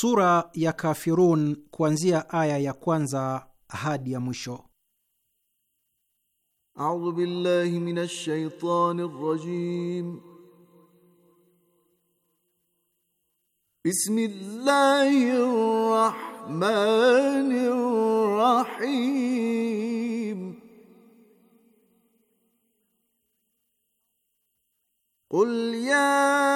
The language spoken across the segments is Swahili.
sura ya Kafirun kuanzia aya ya kwanza hadi ya mwisho. A'udhu billahi minash shaitani rajim. Bismillahir rahmanir rahim. Qul ya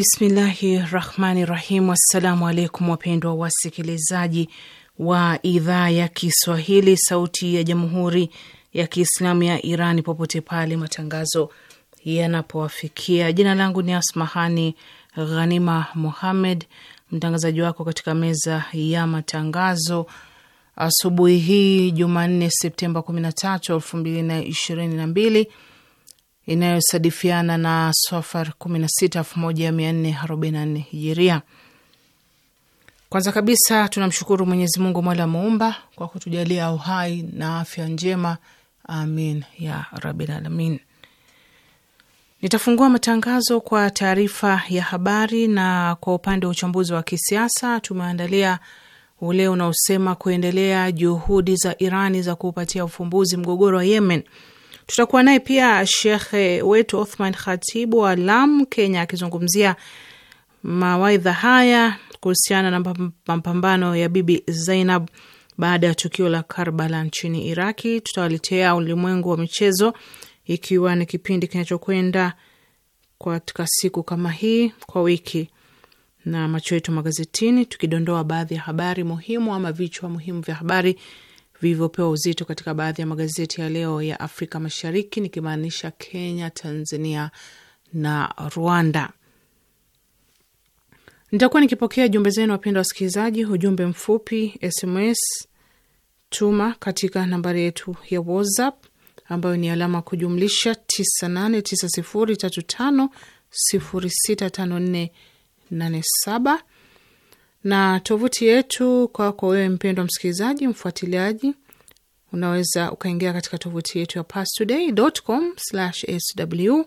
Bismillahi rahmani rahim. Assalamu alaikum wapendwa wasikilizaji wa idhaa ya Kiswahili sauti ya jamhuri ya Kiislamu ya Iran popote pale matangazo yanapowafikia. Jina langu ni Asmahani Ghanima Muhammed, mtangazaji wako katika meza ya matangazo asubuhi hii Jumanne Septemba 13, 2022 inayosadifiana na Sofar 16 hijiria. Kwanza kabisa tunamshukuru Mwenyezi Mungu mola muumba kwa kutujalia uhai na afya njema, amin ya rabbil alamin. Nitafungua matangazo kwa taarifa ya habari, na kwa upande wa uchambuzi wa kisiasa tumeandalia ule unaosema kuendelea juhudi za Irani za kuupatia ufumbuzi mgogoro wa Yemen Tutakuwa naye pia shekhe wetu Othman Khatibu wa Lamu, Kenya, akizungumzia mawaidha haya kuhusiana na mapambano ya Bibi Zainab baada ya tukio la Karbala nchini Iraki. Tutawaletea ulimwengu wa michezo, ikiwa ni kipindi kinachokwenda katika siku kama hii kwa wiki na macho yetu magazetini, tukidondoa baadhi ya habari muhimu ama vichwa muhimu vya habari vilivyopewa uzito katika baadhi ya magazeti ya leo ya Afrika Mashariki, nikimaanisha Kenya, Tanzania na Rwanda. Nitakuwa nikipokea jumbe zenu, wapenda wasikilizaji. Ujumbe mfupi SMS tuma katika nambari yetu ya WhatsApp ambayo ni alama kujumlisha 989035065487 na tovuti yetu. Kwako wewe mpendwa msikilizaji, mfuatiliaji, unaweza ukaingia katika tovuti yetu ya pastoday.com/sw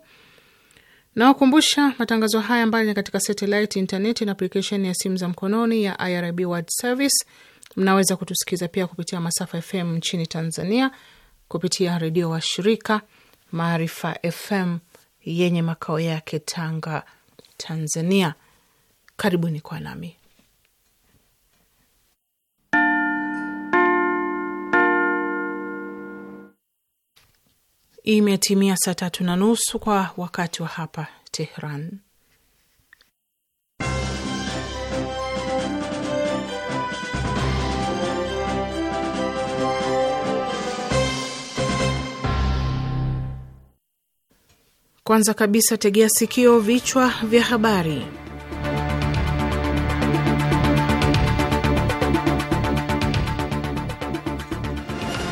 nawakumbusha matangazo haya mbali ni katika satellite, intaneti na aplikesheni ya simu za mkononi ya IRIB World Service. Mnaweza kutusikiza pia kupitia masafa FM nchini Tanzania kupitia redio wa shirika Maarifa FM yenye makao yake Tanga, Tanzania. Karibuni kwa nami Imetimia saa tatu na nusu kwa wakati wa hapa Tehran. Kwanza kabisa, tegea sikio vichwa vya habari.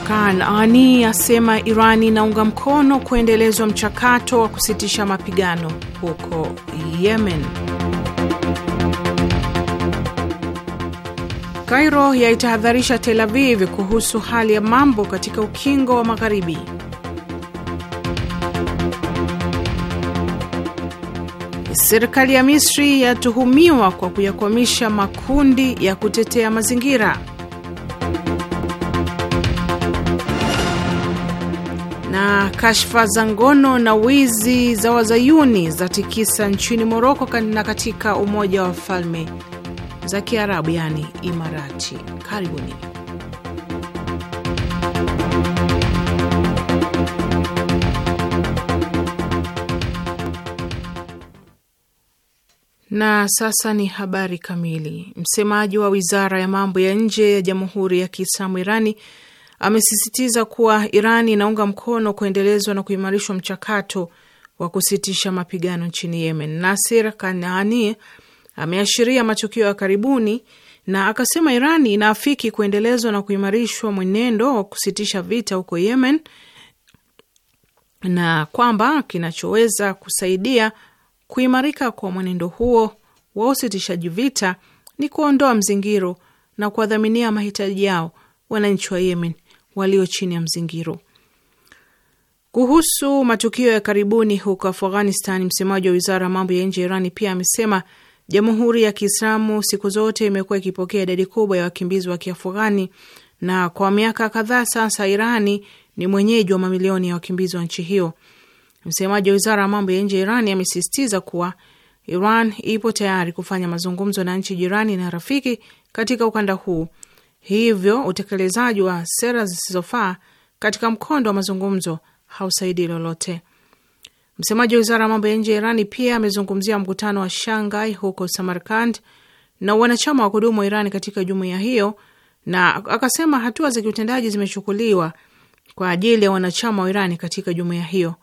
Khan Ani asema Irani inaunga mkono kuendelezwa mchakato wa kusitisha mapigano huko Yemen. Kairo yaitahadharisha Tel Aviv kuhusu hali ya mambo katika ukingo wa Magharibi. Serikali ya Misri yatuhumiwa kwa kuyakwamisha makundi ya kutetea mazingira. kashfa za ngono na wizi za wazayuni za tikisa nchini Moroko na katika Umoja wa Falme za Kiarabu yani Imarati. Karibuni. Na sasa ni habari kamili. Msemaji wa wizara ya mambo ya nje ya Jamhuri ya Kiislamu Irani amesisitiza kuwa Iran inaunga mkono kuendelezwa na kuimarishwa mchakato wa kusitisha mapigano nchini Yemen. Nasir Kanani ameashiria matukio ya karibuni na akasema Iran inaafiki kuendelezwa na kuimarishwa mwenendo wa kusitisha vita huko Yemen na kwamba kinachoweza kusaidia kuimarika kwa mwenendo huo wa usitishaji vita ni kuondoa mzingiro na kuwadhaminia mahitaji yao wananchi wa Yemen walio chini ya mzingiro. Kuhusu matukio ya karibuni huko Afghanistan, msemaji wa wizara ya mambo ya nje ya Irani pia amesema Jamhuri ya Kiislamu siku zote imekuwa ikipokea idadi kubwa ya wakimbizi wa Kiafghani na kwa miaka kadhaa sasa Irani ni mwenyeji wa mamilioni ya wakimbizi wa nchi hiyo. Msemaji wa wizara ya mambo ya nje ya Irani amesisitiza kuwa Iran ipo tayari kufanya mazungumzo na nchi jirani na rafiki katika ukanda huu Hivyo utekelezaji wa sera zisizofaa katika mkondo wa mazungumzo hausaidi lolote. Msemaji wa wizara ya mambo ya nje ya Irani pia amezungumzia mkutano wa Shanghai huko Samarkand na wanachama wa kudumu wa Irani katika jumuiya hiyo, na akasema hatua za kiutendaji zimechukuliwa kwa ajili ya wanachama wa Irani katika jumuiya hiyo.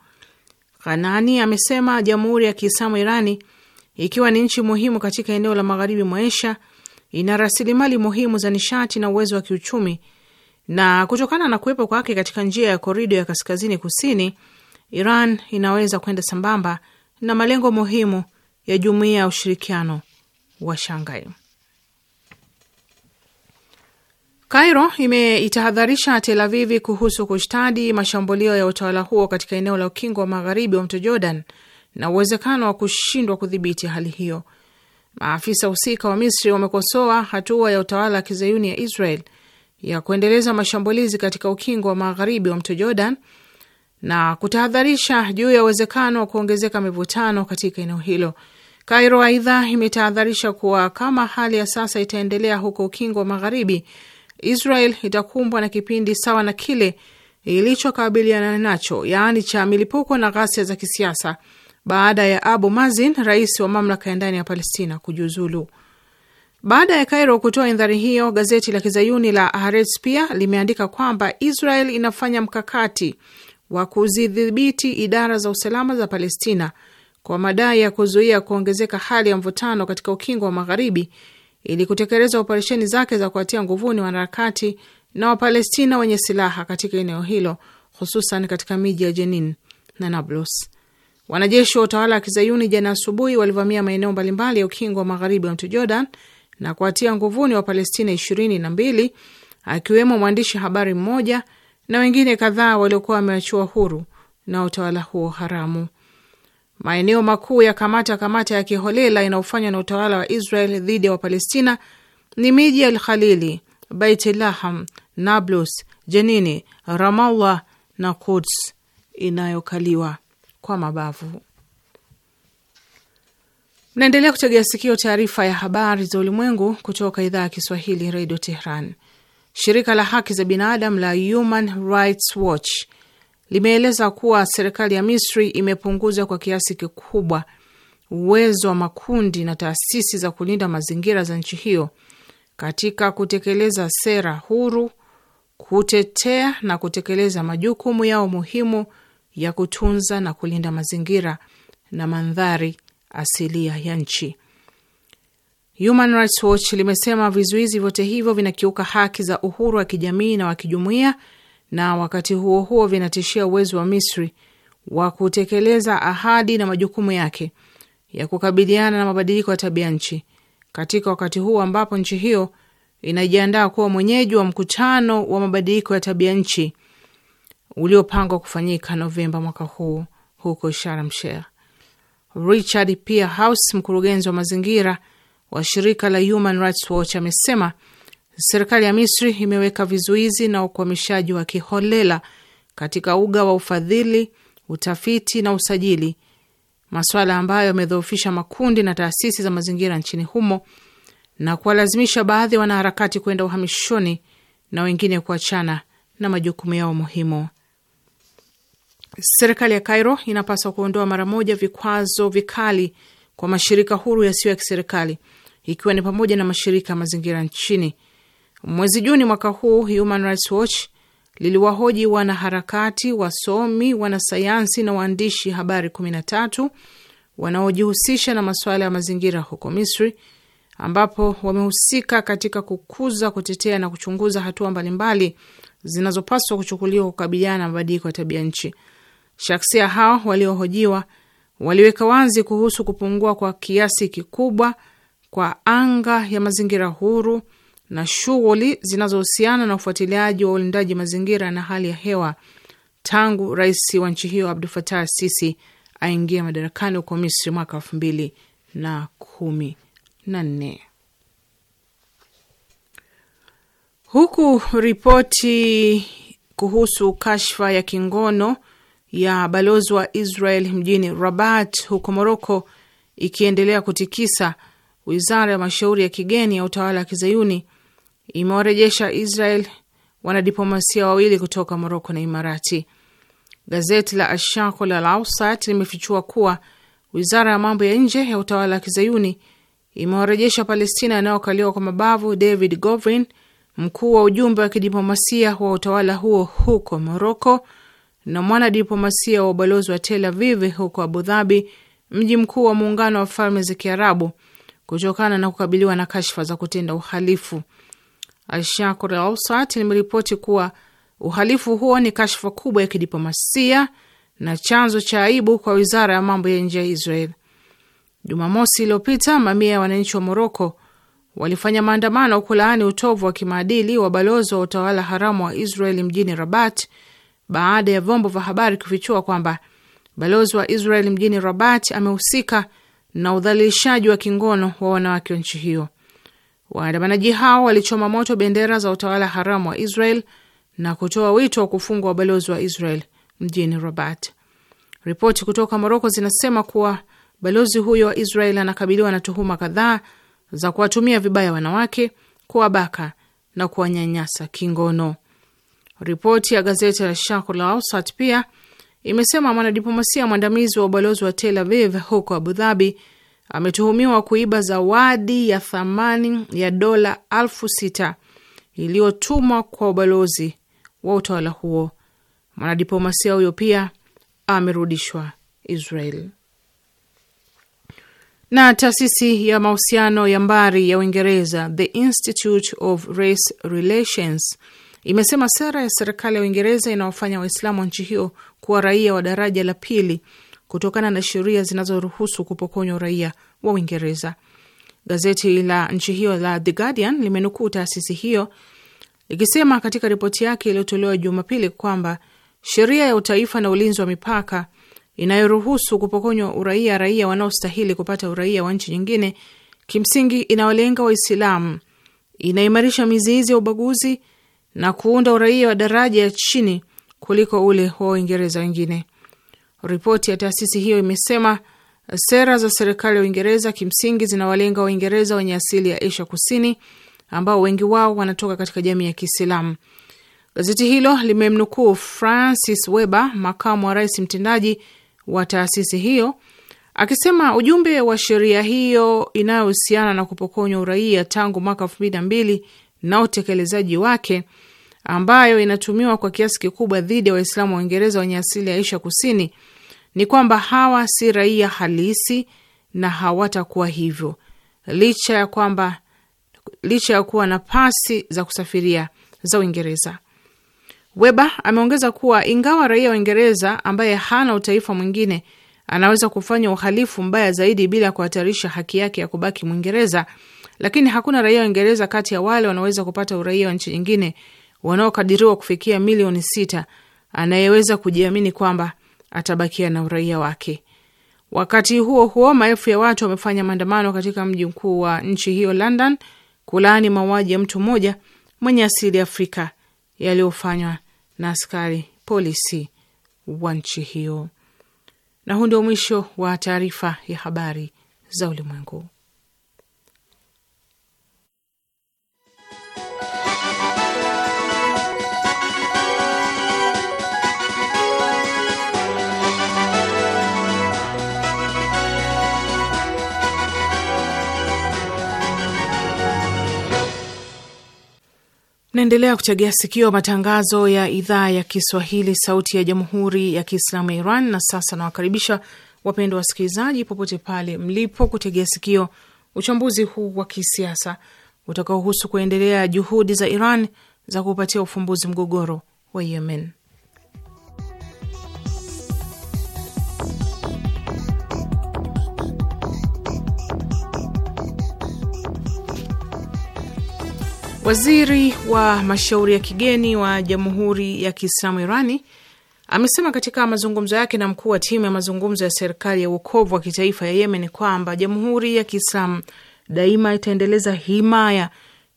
Kanani amesema jamhuri ya Kiislamu Irani, ikiwa ni nchi muhimu katika eneo la magharibi mwa Asia, ina rasilimali muhimu za nishati na uwezo wa kiuchumi, na kutokana na kuwepo kwake katika njia ya korido ya kaskazini kusini, Iran inaweza kwenda sambamba na malengo muhimu ya jumuiya ya ushirikiano wa Shanghai. Cairo imeitahadharisha Tel Avivi kuhusu kushtadi mashambulio ya utawala huo katika eneo la ukingo wa magharibi wa mto Jordan na uwezekano wa kushindwa kudhibiti hali hiyo. Maafisa husika wa Misri wamekosoa hatua ya utawala wa kizayuni ya Israel ya kuendeleza mashambulizi katika ukingo wa magharibi wa mto Jordan na kutahadharisha juu ya uwezekano wa kuongezeka mivutano katika eneo hilo. Kairo aidha imetahadharisha kuwa kama hali ya sasa itaendelea huko ukingo wa magharibi, Israel itakumbwa na kipindi sawa na kile ilichokabiliana nacho, yaani cha milipuko na ghasia za kisiasa baada ya Abu Mazin, rais wa mamlaka ya ndani ya Palestina, kujiuzulu. Baada ya Cairo kutoa indhari hiyo, gazeti la kizayuni la Haaretz pia limeandika kwamba Israel inafanya mkakati wa kuzidhibiti idara za usalama za Palestina kwa madai ya kuzuia kuongezeka hali ya mvutano katika ukingo wa Magharibi ili kutekeleza operesheni zake za kuwatia nguvuni wanaharakati na Wapalestina wenye silaha katika eneo hilo, hususan katika miji ya Jenin na Nablus. Wanajeshi wa utawala wa kizayuni jana asubuhi walivamia maeneo mbalimbali ya ukingo wa magharibi wa mto Jordan na kuwatia nguvuni wa Palestina ishirini na mbili akiwemo mwandishi habari mmoja na wengine kadhaa waliokuwa wameachiwa huru na utawala huo haramu. Maeneo makuu ya kamata kamata ya kiholela inayofanywa na utawala wa Israel dhidi ya Wapalestina ni miji ya Alkhalili, Baitlaham, Nablus, Jenini, Ramallah na Kuds inayokaliwa kwa mabavu. Mnaendelea kutegea sikio taarifa ya habari za ulimwengu kutoka idhaa ya Kiswahili redio Tehran. Shirika la haki za binadamu la Human Rights Watch limeeleza kuwa serikali ya Misri imepunguza kwa kiasi kikubwa uwezo wa makundi na taasisi za kulinda mazingira za nchi hiyo katika kutekeleza sera huru, kutetea na kutekeleza majukumu yao muhimu ya kutunza na kulinda mazingira na mandhari asilia ya nchi. Human Rights Watch limesema vizuizi vyote hivyo vinakiuka haki za uhuru wa kijamii na wa kijumuiya, na wakati huo huo vinatishia uwezo wa Misri wa kutekeleza ahadi na majukumu yake ya kukabiliana na mabadiliko ya tabia nchi katika wakati huu ambapo nchi hiyo inajiandaa kuwa mwenyeji wa mkutano wa mabadiliko ya tabia nchi uliopangwa kufanyika Novemba mwaka huu huko Sharm El-Sheikh. Richard Pierhouse, mkurugenzi wa mazingira wa shirika la Human Rights Watch, amesema serikali ya Misri imeweka vizuizi na ukwamishaji wa kiholela katika uga wa ufadhili, utafiti na usajili, masuala ambayo yamedhoofisha makundi na taasisi za mazingira nchini humo na kuwalazimisha baadhi ya wanaharakati kwenda uhamishoni na wengine kuachana na majukumu yao muhimu Serikali ya Cairo inapaswa kuondoa mara moja vikwazo vikali kwa mashirika huru yasiyo ya kiserikali ikiwa ni pamoja na mashirika ya mazingira nchini. Mwezi Juni mwaka huu, Human Rights Watch liliwahoji wanaharakati, wasomi, wanasayansi na waandishi habari 13 wanaojihusisha na masuala ya mazingira huko Misri, ambapo wamehusika katika kukuza, kutetea na kuchunguza hatua mbalimbali zinazopaswa kuchukuliwa kukabiliana na mabadiliko ya tabia nchi. Shaksia hao waliohojiwa waliweka wazi kuhusu kupungua kwa kiasi kikubwa kwa anga ya mazingira huru na shughuli zinazohusiana na ufuatiliaji wa ulindaji mazingira na hali ya hewa tangu rais wa nchi hiyo Abdul Fatah Sisi aingia madarakani huko Misri mwaka elfu mbili na kumi na nne huku ripoti kuhusu kashfa ya kingono ya balozi wa Israel mjini Rabat huko Moroko ikiendelea kutikisa, wizara ya mashauri ya kigeni ya utawala wa kizayuni imewarejesha Israel wanadiplomasia wawili kutoka Moroko na Imarati. Gazeti la Ashako la Lausat limefichua kuwa wizara ya mambo ya nje ya utawala wa kizayuni imewarejesha Palestina anayokaliwa kwa mabavu David govrin mkuu wa ujumbe wa kidiplomasia wa utawala huo huko Moroko, na mwanadiplomasia wa ubalozi wa Tel Aviv huko Abu Dhabi, mji mkuu wa Muungano wa Falme za Kiarabu, kutokana na kukabiliwa na kashfa za kutenda uhalifu. Ashakur Ausat limeripoti kuwa uhalifu huo ni kashfa kubwa ya kidiplomasia na chanzo cha aibu kwa wizara ya mambo ya nje ya Israel. Jumamosi iliyopita mamia ya wananchi wa Moroko walifanya maandamano kulaani utovu wa kimaadili wa balozi wa utawala haramu wa Israeli mjini Rabat baada ya vyombo vya habari kufichua kwamba balozi wa Israel mjini Rabat amehusika na udhalilishaji wa kingono wa wanawake wa nchi hiyo. Waandamanaji hao walichoma moto bendera za utawala haramu wa Israel na kutoa wito wa kufungwa balozi wa Israel mjini Rabat. Ripoti kutoka Moroko zinasema kuwa balozi huyo wa Israel anakabiliwa na tuhuma kadhaa za kuwatumia vibaya wanawake, kuwabaka na kuwanyanyasa kingono. Ripoti ya gazeti la Sharqul Awsat pia imesema mwanadiplomasia mwandamizi wa ubalozi wa Tel Aviv huko Abu Dhabi ametuhumiwa kuiba zawadi ya thamani ya dola elfu sita iliyotumwa kwa ubalozi wa utawala huo. Mwanadiplomasia huyo pia amerudishwa Israel. Na taasisi ya mahusiano ya mbari ya Uingereza, The Institute of Race Relations, imesema sera ya serikali ya Uingereza inawafanya Waislamu wa nchi hiyo kuwa raia wa daraja la pili kutokana na sheria zinazoruhusu kupokonywa uraia wa Uingereza. Gazeti la nchi hiyo la The Guardian limenukuu taasisi hiyo ikisema katika ripoti yake iliyotolewa Jumapili kwamba sheria ya utaifa na ulinzi wa mipaka inayoruhusu kupokonywa uraia raia wanaostahili kupata uraia wa nchi nyingine kimsingi inawalenga Waislamu, inaimarisha mizizi ya ubaguzi na kuunda uraia wa daraja ya chini kuliko ule wa Uingereza wengine. Ripoti ya taasisi hiyo imesema sera za serikali ya Uingereza kimsingi zinawalenga Waingereza wenye asili ya Asia Kusini, ambao wengi wao wanatoka katika jamii ya Kiislamu. Gazeti hilo limemnukuu Francis Weber, makamu wa rais mtendaji wa taasisi hiyo, akisema ujumbe wa sheria hiyo inayohusiana na kupokonywa uraia tangu mwaka elfu mbili na mbili na utekelezaji wake ambayo inatumiwa kwa kiasi kikubwa dhidi ya Waislamu wa Uingereza wenye asili ya Asia Kusini ni kwamba hawa si raia halisi na hawatakuwa hivyo licha ya kwamba licha ya kuwa na pasi za kusafiria za Uingereza. Weba ameongeza kuwa ingawa raia wa Uingereza ambaye hana utaifa mwingine anaweza kufanya uhalifu mbaya zaidi bila kuhatarisha haki yake ya kubaki Mwingereza, lakini hakuna raia wa Uingereza kati ya wale wanaweza kupata uraia wa nchi nyingine wanaokadiriwa kufikia milioni sita anayeweza kujiamini kwamba atabakia na uraia wake. Wakati huo huo, maelfu ya watu wamefanya maandamano katika mji mkuu wa nchi hiyo London kulaani mauaji ya mtu mmoja mwenye asili ya Afrika yaliyofanywa na askari polisi wa nchi hiyo. Na huu ndio mwisho wa taarifa ya habari za ulimwengu. Naendelea kuchagia sikio matangazo ya idhaa ya Kiswahili sauti ya jamhuri ya Kiislamu ya Iran. Na sasa nawakaribisha wapendwa wasikilizaji, popote pale mlipo, kutegea sikio uchambuzi huu wa kisiasa utakaohusu kuendelea juhudi za Iran za kupatia ufumbuzi mgogoro wa Yemen. Waziri wa mashauri ya kigeni wa Jamhuri ya Kiislamu Irani amesema katika mazungumzo yake na mkuu wa timu ya mazungumzo ya serikali ya uokovu wa kitaifa ya Yemen kwamba Jamhuri ya Kiislamu daima itaendeleza himaya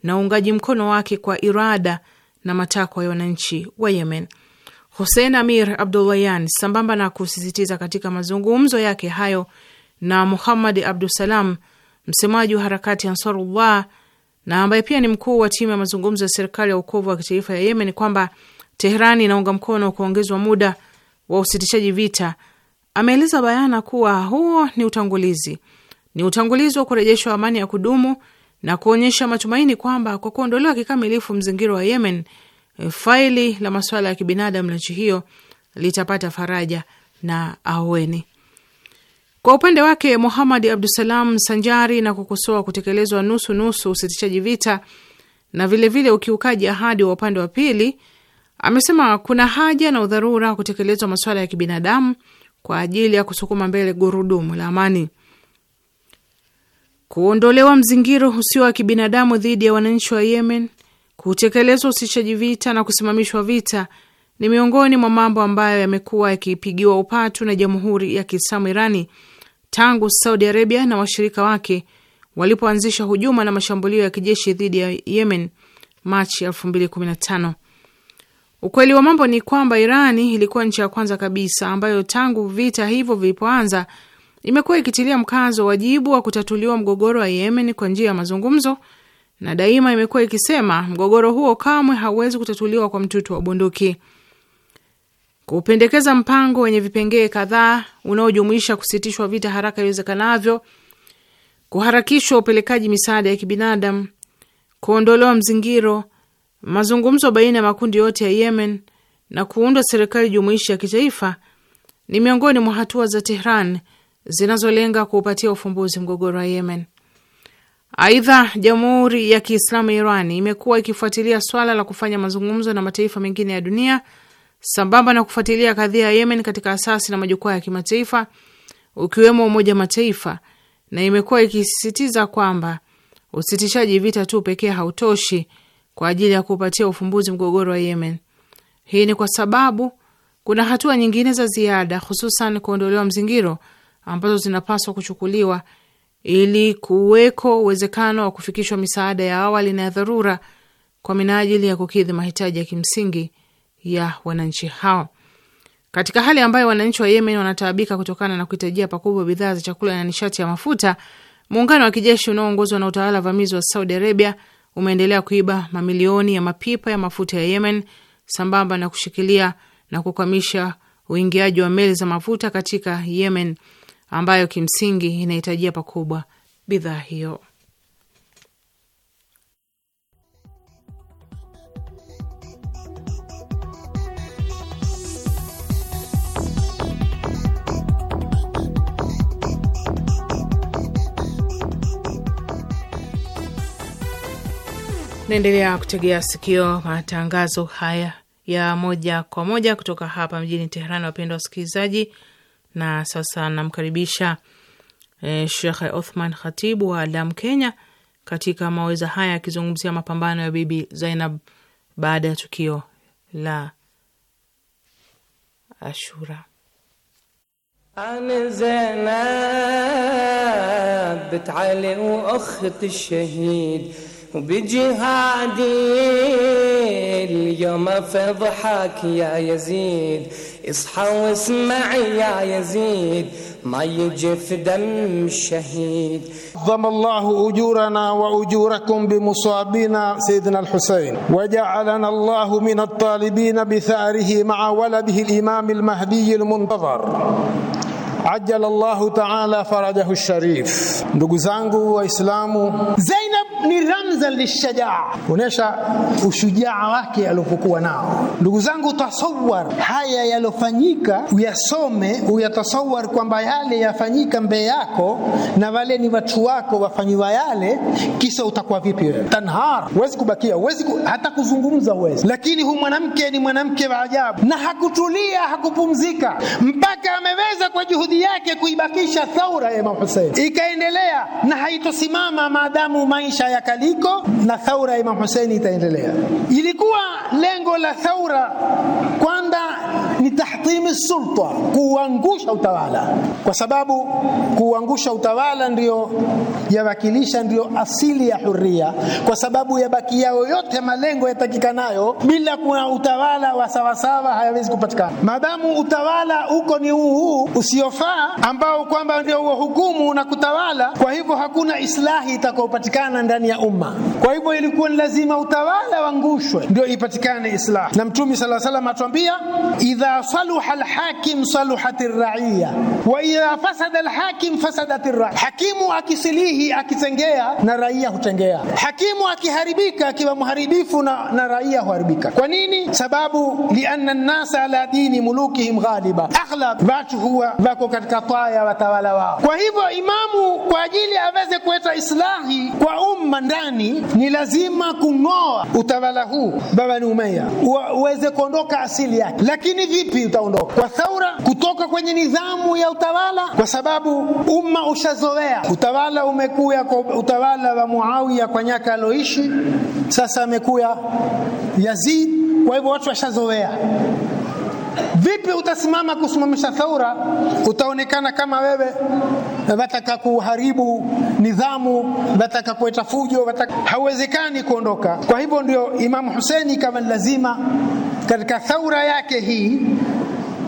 na uungaji mkono wake kwa irada na matakwa ya wananchi wa Yemen. Hussein Amir Abdullayan, sambamba na kusisitiza katika mazungumzo yake hayo na Muhammad Abdusalam, msemaji wa harakati Ansarullah na ambaye pia ni mkuu wa timu ya mazungumzo ya serikali ya ukovu wa kitaifa ya Yemen kwamba tehran inaunga mkono kuongezwa muda wa usitishaji vita, ameeleza bayana kuwa huo ni utangulizi, ni utangulizi wa kurejeshwa amani ya kudumu na kuonyesha matumaini kwamba kwa kuondolewa kikamilifu mzingiro wa Yemen, faili la masuala ya kibinadamu la nchi hiyo litapata faraja na aweni kwa upande wake abdu Abdusalam, sanjari na kukosoa kutekelezwa nusu nusu usitishaji vita na vilevile ukiukaji ahadi wa upande wa pili, amesema kuna haja na udharura wa kutekelezwa masuala ya kibinadamu kwa ajili ya kusukuma mbele gurudumu la amani. Kuondolewa mzingiro usio wa kibinadamu dhidi ya wananchi wa Yemen, kutekelezwa usitishaji vita na kusimamishwa vita ni miongoni mwa mambo ambayo yamekuwa yakipigiwa upatu na Jamhuri ya Kiislamu Irani tangu Saudi Arabia na washirika wake walipoanzisha hujuma na mashambulio ya kijeshi dhidi ya Yemen Machi 2015. Ukweli wa mambo ni kwamba Irani ilikuwa nchi ya kwanza kabisa ambayo tangu vita hivyo vilipoanza imekuwa ikitilia mkazo wajibu wa kutatuliwa mgogoro wa Yemen kwa njia ya mazungumzo, na daima imekuwa ikisema mgogoro huo kamwe hauwezi kutatuliwa kwa mtutu wa bunduki kupendekeza mpango wenye vipengee kadhaa unaojumuisha kusitishwa vita haraka iwezekanavyo, kuharakishwa upelekaji misaada ya kibinadamu, kuondolewa mzingiro, mazungumzo baina ya makundi yote ya Yemen na kuundwa serikali jumuishi ya kitaifa ni miongoni mwa hatua za Tehran zinazolenga kuupatia ufumbuzi mgogoro wa Yemen. Aidha, Jamhuri ya Kiislamu ya Iran imekuwa ikifuatilia swala la kufanya mazungumzo na mataifa mengine ya dunia sambamba na kufuatilia kadhia ya Yemen katika asasi na majukwaa ya kimataifa ukiwemo Umoja Mataifa, na imekuwa ikisisitiza kwamba usitishaji vita tu pekee hautoshi kwa ajili ya kupatia ufumbuzi mgogoro wa Yemen. Hii ni kwa sababu kuna hatua nyingine za ziada, hususan kuondolewa mzingiro, ambazo zinapaswa kuchukuliwa ili kuweko uwezekano wa kufikishwa misaada ya awali na ya dharura kwa minajili ya kukidhi mahitaji ya kimsingi ya wananchi hao, katika hali ambayo wananchi wa Yemen wanataabika kutokana na kuhitajia pakubwa bidhaa za chakula na nishati ya mafuta. Muungano wa kijeshi unaoongozwa na utawala vamizi wa Saudi Arabia umeendelea kuiba mamilioni ya mapipa ya mafuta ya Yemen sambamba na kushikilia na kukwamisha uingiaji wa meli za mafuta katika Yemen ambayo kimsingi inahitajia pakubwa bidhaa hiyo. Naendelea kutegea sikio matangazo haya ya moja kwa moja kutoka hapa mjini Teheran, wapendwa wasikilizaji. Na sasa namkaribisha eh, Shekhe Othman Khatibu wa Lam, Kenya, katika maweza haya akizungumzia mapambano ya Bibi Zainab baada ya tukio la Ashura. وبجهادي اليوم فضحك يا يزيد اصحى واسمع يا يزيد ما يجف دم الشهيد ضم الله أجورنا وأجوركم بمصابينا سيدنا الحسين وجعلنا الله من الطالبين بثاره مع ولده الإمام المهدي المنتظر ajala Allahu taala farajahu sharif. Ndugu zangu Waislamu, Zainab ni ramza lishajaa, kuonyesha ushujaa wake alipokuwa nao. Ndugu zangu, tasawar haya yalofanyika, uyasome uyatasawar, kwamba yale yafanyika mbele yako na wale ni watu wako wafanyiwa yale, kisa utakuwa vipi wewe? Tanhar, huwezi kubakia, huwezi ku, hata kuzungumza huwezi. Lakini huyu mwanamke ni mwanamke wa ajabu, na hakutulia hakupumzika mpaka ameweza kwa juhudi makusudi yake kuibakisha thaura ya Imam Hussein ikaendelea na haitosimama maadamu maisha yakaliko, na thaura ya Imam Hussein itaendelea. Ilikuwa lengo la thaura kwa ni tahtimi sulta, kuuangusha utawala, kwa sababu kuuangusha utawala ndio yawakilisha, ndiyo asili ya huria, kwa sababu ya baki yao yote malengo yatakikanayo bila kuna utawala wa sawasawa hayawezi kupatikana. Madamu utawala uko ni huu huu usiofaa, ambao kwamba ndio hukumu na kutawala, kwa hivyo hakuna islahi itakayopatikana ndani ya umma. Kwa hivyo ilikuwa ni lazima utawala wangushwe ndio ipatikane islahi na Mtume sallallahu alaihi wasallam atuambia idha idha saluha alhakim saluhat arraiya wa idha fasada alhakim fasadat arraiya, hakimu akisilihi akitengea na raia hutengea, hakimu akiharibika akiwa mharibifu na, na raia huharibika. Kwa nini? Sababu lianna nasa ala dini mulukihim ghaliba, aghlab watu huwa wako katika taya watawala wao. Kwa hivyo imamu kwa ajili aweze kuleta islahi kwa umma ndani, ni lazima kung'oa utawala huu Bani Umayya uweze kuondoka asili yake, lakini vipi utaondoka kwa thaura, kutoka kwenye nidhamu ya utawala, kwa sababu umma ushazoea utawala. Umekuya kwa utawala wa Muawiya kwa nyaka aloishi, sasa amekuya Yazid, kwa hivyo watu washazoea vipi utasimama kusimamisha thaura? Utaonekana kama wewe wataka kuharibu nidhamu, wataka kuleta fujo, wataka... hauwezekani kuondoka. Kwa hivyo ndio Imamu Huseini ikawa lazima katika thaura yake hii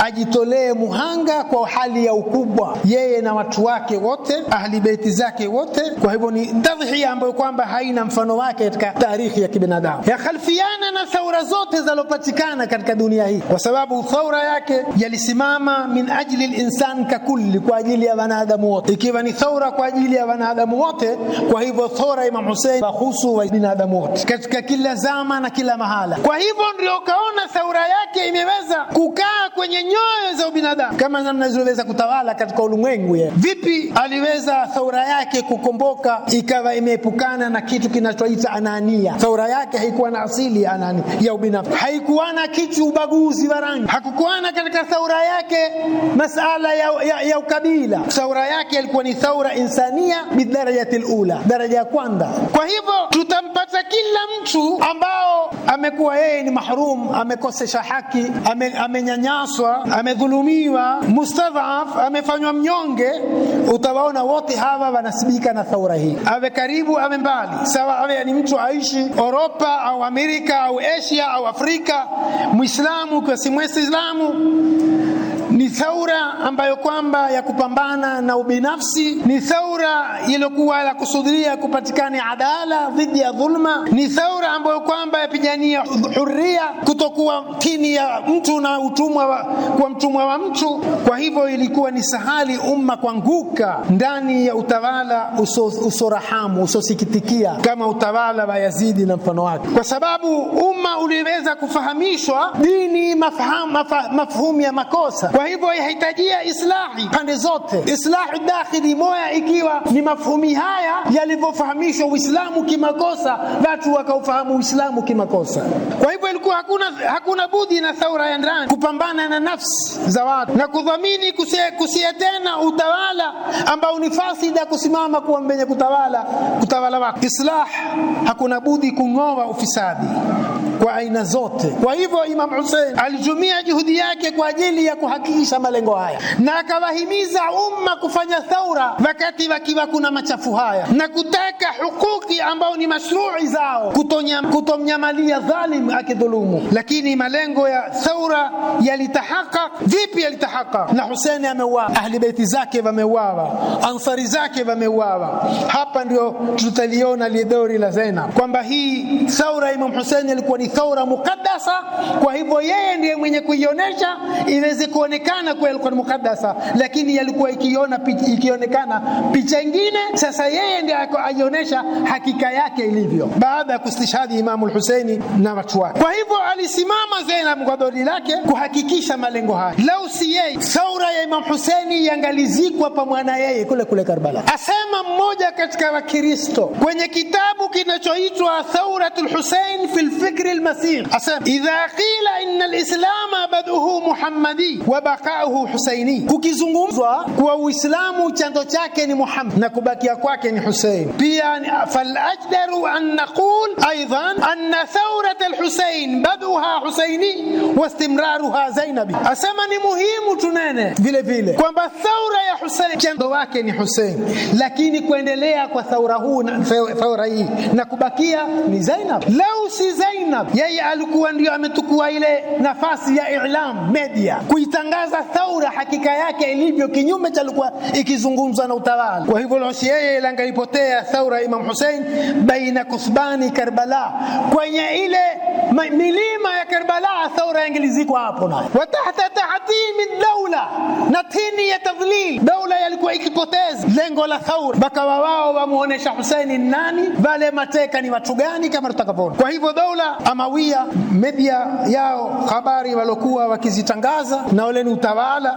ajitolee muhanga kwa hali ya ukubwa, yeye na watu wake wote, ahli beiti zake wote. Kwa hivyo ni tadhia ambayo kwamba haina mfano wake katika tarikhi ya kibinadamu, yakhalfiana na thaura zote zalopatikana katika dunia hii, kwa sababu thaura yake yalisimama min ajli linsan kakulli, kwa ajili ya wanadamu wote, ikiwa ni thaura kwa ajili ya wanadamu wote. Kwa hivyo thaura Imam Hussein wahusu wa binadamu wote katika kila zama na kila mahala. Kwa hivyo ndio kaona thaura yake imeweza kukaa kwenye nyoyo za ubinadamu, kama namna ziloweza kutawala katika ulimwengu. Yeye vipi aliweza thaura yake kukomboka ikawa imeepukana na kitu kinachoita anania? Thaura yake haikuwa na asili ya anani ya ubinafsi, haikuwa na kitu ubaguzi wa rangi, hakukuwa na katika thaura yake masala ya, ya, ya ukabila. Thaura yake ilikuwa ni thaura insania bidarajati lula daraja ya kwanza. Kwa hivyo tutampa za kila mtu ambao amekuwa yeye ni mahrum, amekosesha haki, amenyanyaswa, ame amedhulumiwa, mustadhaf, amefanywa mnyonge, utawaona wote hawa wanasibika na thaura hii, awe karibu awe mbali, sawa awe ni mtu aishi Europa au Amerika au Asia au Afrika, Muislamu kwa si Muislamu ni thaura ambayo kwamba ya kupambana na ubinafsi, ni thaura iliyokuwa la kusudia kupatikana adala dhidi ya dhulma, ni thaura ambayo kwamba yapigania huria, kutokuwa chini ya mtu na utumwa kwa mtumwa wa mtu. Kwa hivyo ilikuwa ni sahali umma kuanguka ndani ya utawala usorahamu usosikitikia kama utawala wa Yazidi na mfano wake, kwa sababu umma uliweza kufahamishwa dini mafahamu, mafahamu ya makosa kwa hivyo yahitajia islahi pande zote, islahi dakhili, moya ikiwa ni mafhumi haya yalivyofahamishwa Uislamu kimakosa, watu wakaufahamu Uislamu kimakosa. Kwa hivyo ilikuwa hakuna, hakuna budi na thaura ya ndani kupambana na nafsi za watu na kudhamini kusie tena utawala ambao ni fasida kusimama kuwa mwenye kutawala kutawala wako. Islah hakuna budi kung'oa ufisadi kwa aina zote. Kwa hivyo Imam Hussein alitumia juhudi yake kwa ajili ya kuhakiki kufanikisha malengo haya, na akawahimiza umma kufanya thaura wakati wakiwa kuna machafu haya na kuteka hukuki ambao ni mashrui zao, kutomnyamalia dhalim akidhulumu. Lakini malengo ya thaura yalitahakak vipi? Yalitahakak na huseni ameuawa, ahli beiti zake wameuawa, ansari zake wameuawa. Hapa ndio tutaliona lidori la Zainab kwamba hii thaura Imam Huseini alikuwa ni thaura mukaddasa, kwa hivyo yeye ndiye mwenye kuionyesha iweze kuonekana yanaonekana kwa Alquran Mukaddasa, lakini yalikuwa ikiona ikionekana picha ingine. Sasa yeye ndiye aionyesha hakika yake ilivyo, baada ya kustishhadi Imamu Husaini na watu wake. Kwa hivyo alisimama Zainab kwa doli lake kuhakikisha malengo haya. Lau si yeye, saura ya Imamu Husaini yangalizikwa pamwana yeye kule kule Karbala. Asema mmoja katika Wakristo kwenye kitabu kinachoitwa Thauratul Husain fi lfikri lmasih, asema idha qila inna lislama baduhu muhammadi wa baqauhu Husaini, kukizungumzwa kuwa Uislamu chanzo chake ni Muhammad na kubakia kwake ni husein Pia falajdaru an naqul aidan anna thawrat alhusain baduha Husaini wastimraruha Zainabi, asema ni muhimu tunene vile vile kwamba thawra ya Husain chanzo wake ni husein lakini kuendelea kwa thawra huu thawra hii na kubakia ni Zainab. Lau si Zainab, yeye alikuwa ndio ametukua ile nafasi ya i'lam media kuitangaza kutangaza thaura hakika yake ilivyo kinyume cha alikuwa ikizungumzwa na utawala. Kwa hivyo loshi yeye langaipotea thaura ya Imam Hussein baina kusbani Karbala, kwenye ile milima ya Karbala thaura yangelizikwa hapo nayo, wa tahta tahtimi daula, na tini ya tadhlil daula yalikuwa ikipoteza lengo la thaura, bakawa wao wamuonesha Hussein nani, wale mateka ni watu gani, kama tutakapoona. Kwa hivyo daula amawia media yao habari walokuwa wakizitangaza na wale utawala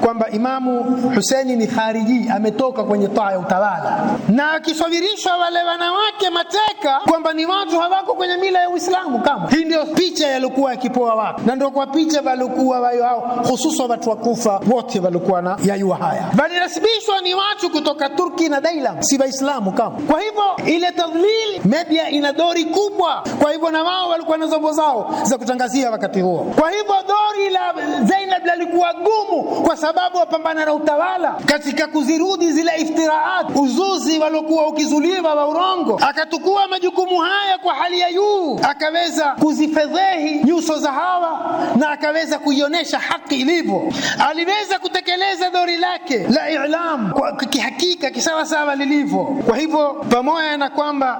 kwamba Imamu huseni ni khariji, ametoka kwenye taa ya utawala, na akisawirisha wale wanawake mateka kwamba ni watu hawako kwenye mila ya Uislamu. Kama hii ndio picha yalikuwa yakipoa watu, na ndio kwa picha walikuwa wayo hao, hususan watu wa Kufa wote walikuwa na yayua haya, walinasibishwa ni watu kutoka Turki na Dailam, si Waislamu kama. Kwa hivyo ile tadhlil media ina dori kubwa, kwa hivyo na wao walikuwa na zombo zao za kutangazia wakati huo. Kwa hivyo dori la Zainab kabla alikuwa gumu, kwa sababu wapambana na utawala katika kuzirudi zile iftiraat, uzuzi waliokuwa ukizuliwa wa urongo. Akatukua majukumu haya kwa hali ya juu, akaweza kuzifedhehi nyuso za hawa na akaweza kuionyesha haki ilivyo. Aliweza kutekeleza dori lake la ilamu kwa kihakika kisawasawa lilivyo. Kwa hivyo pamoja na kwamba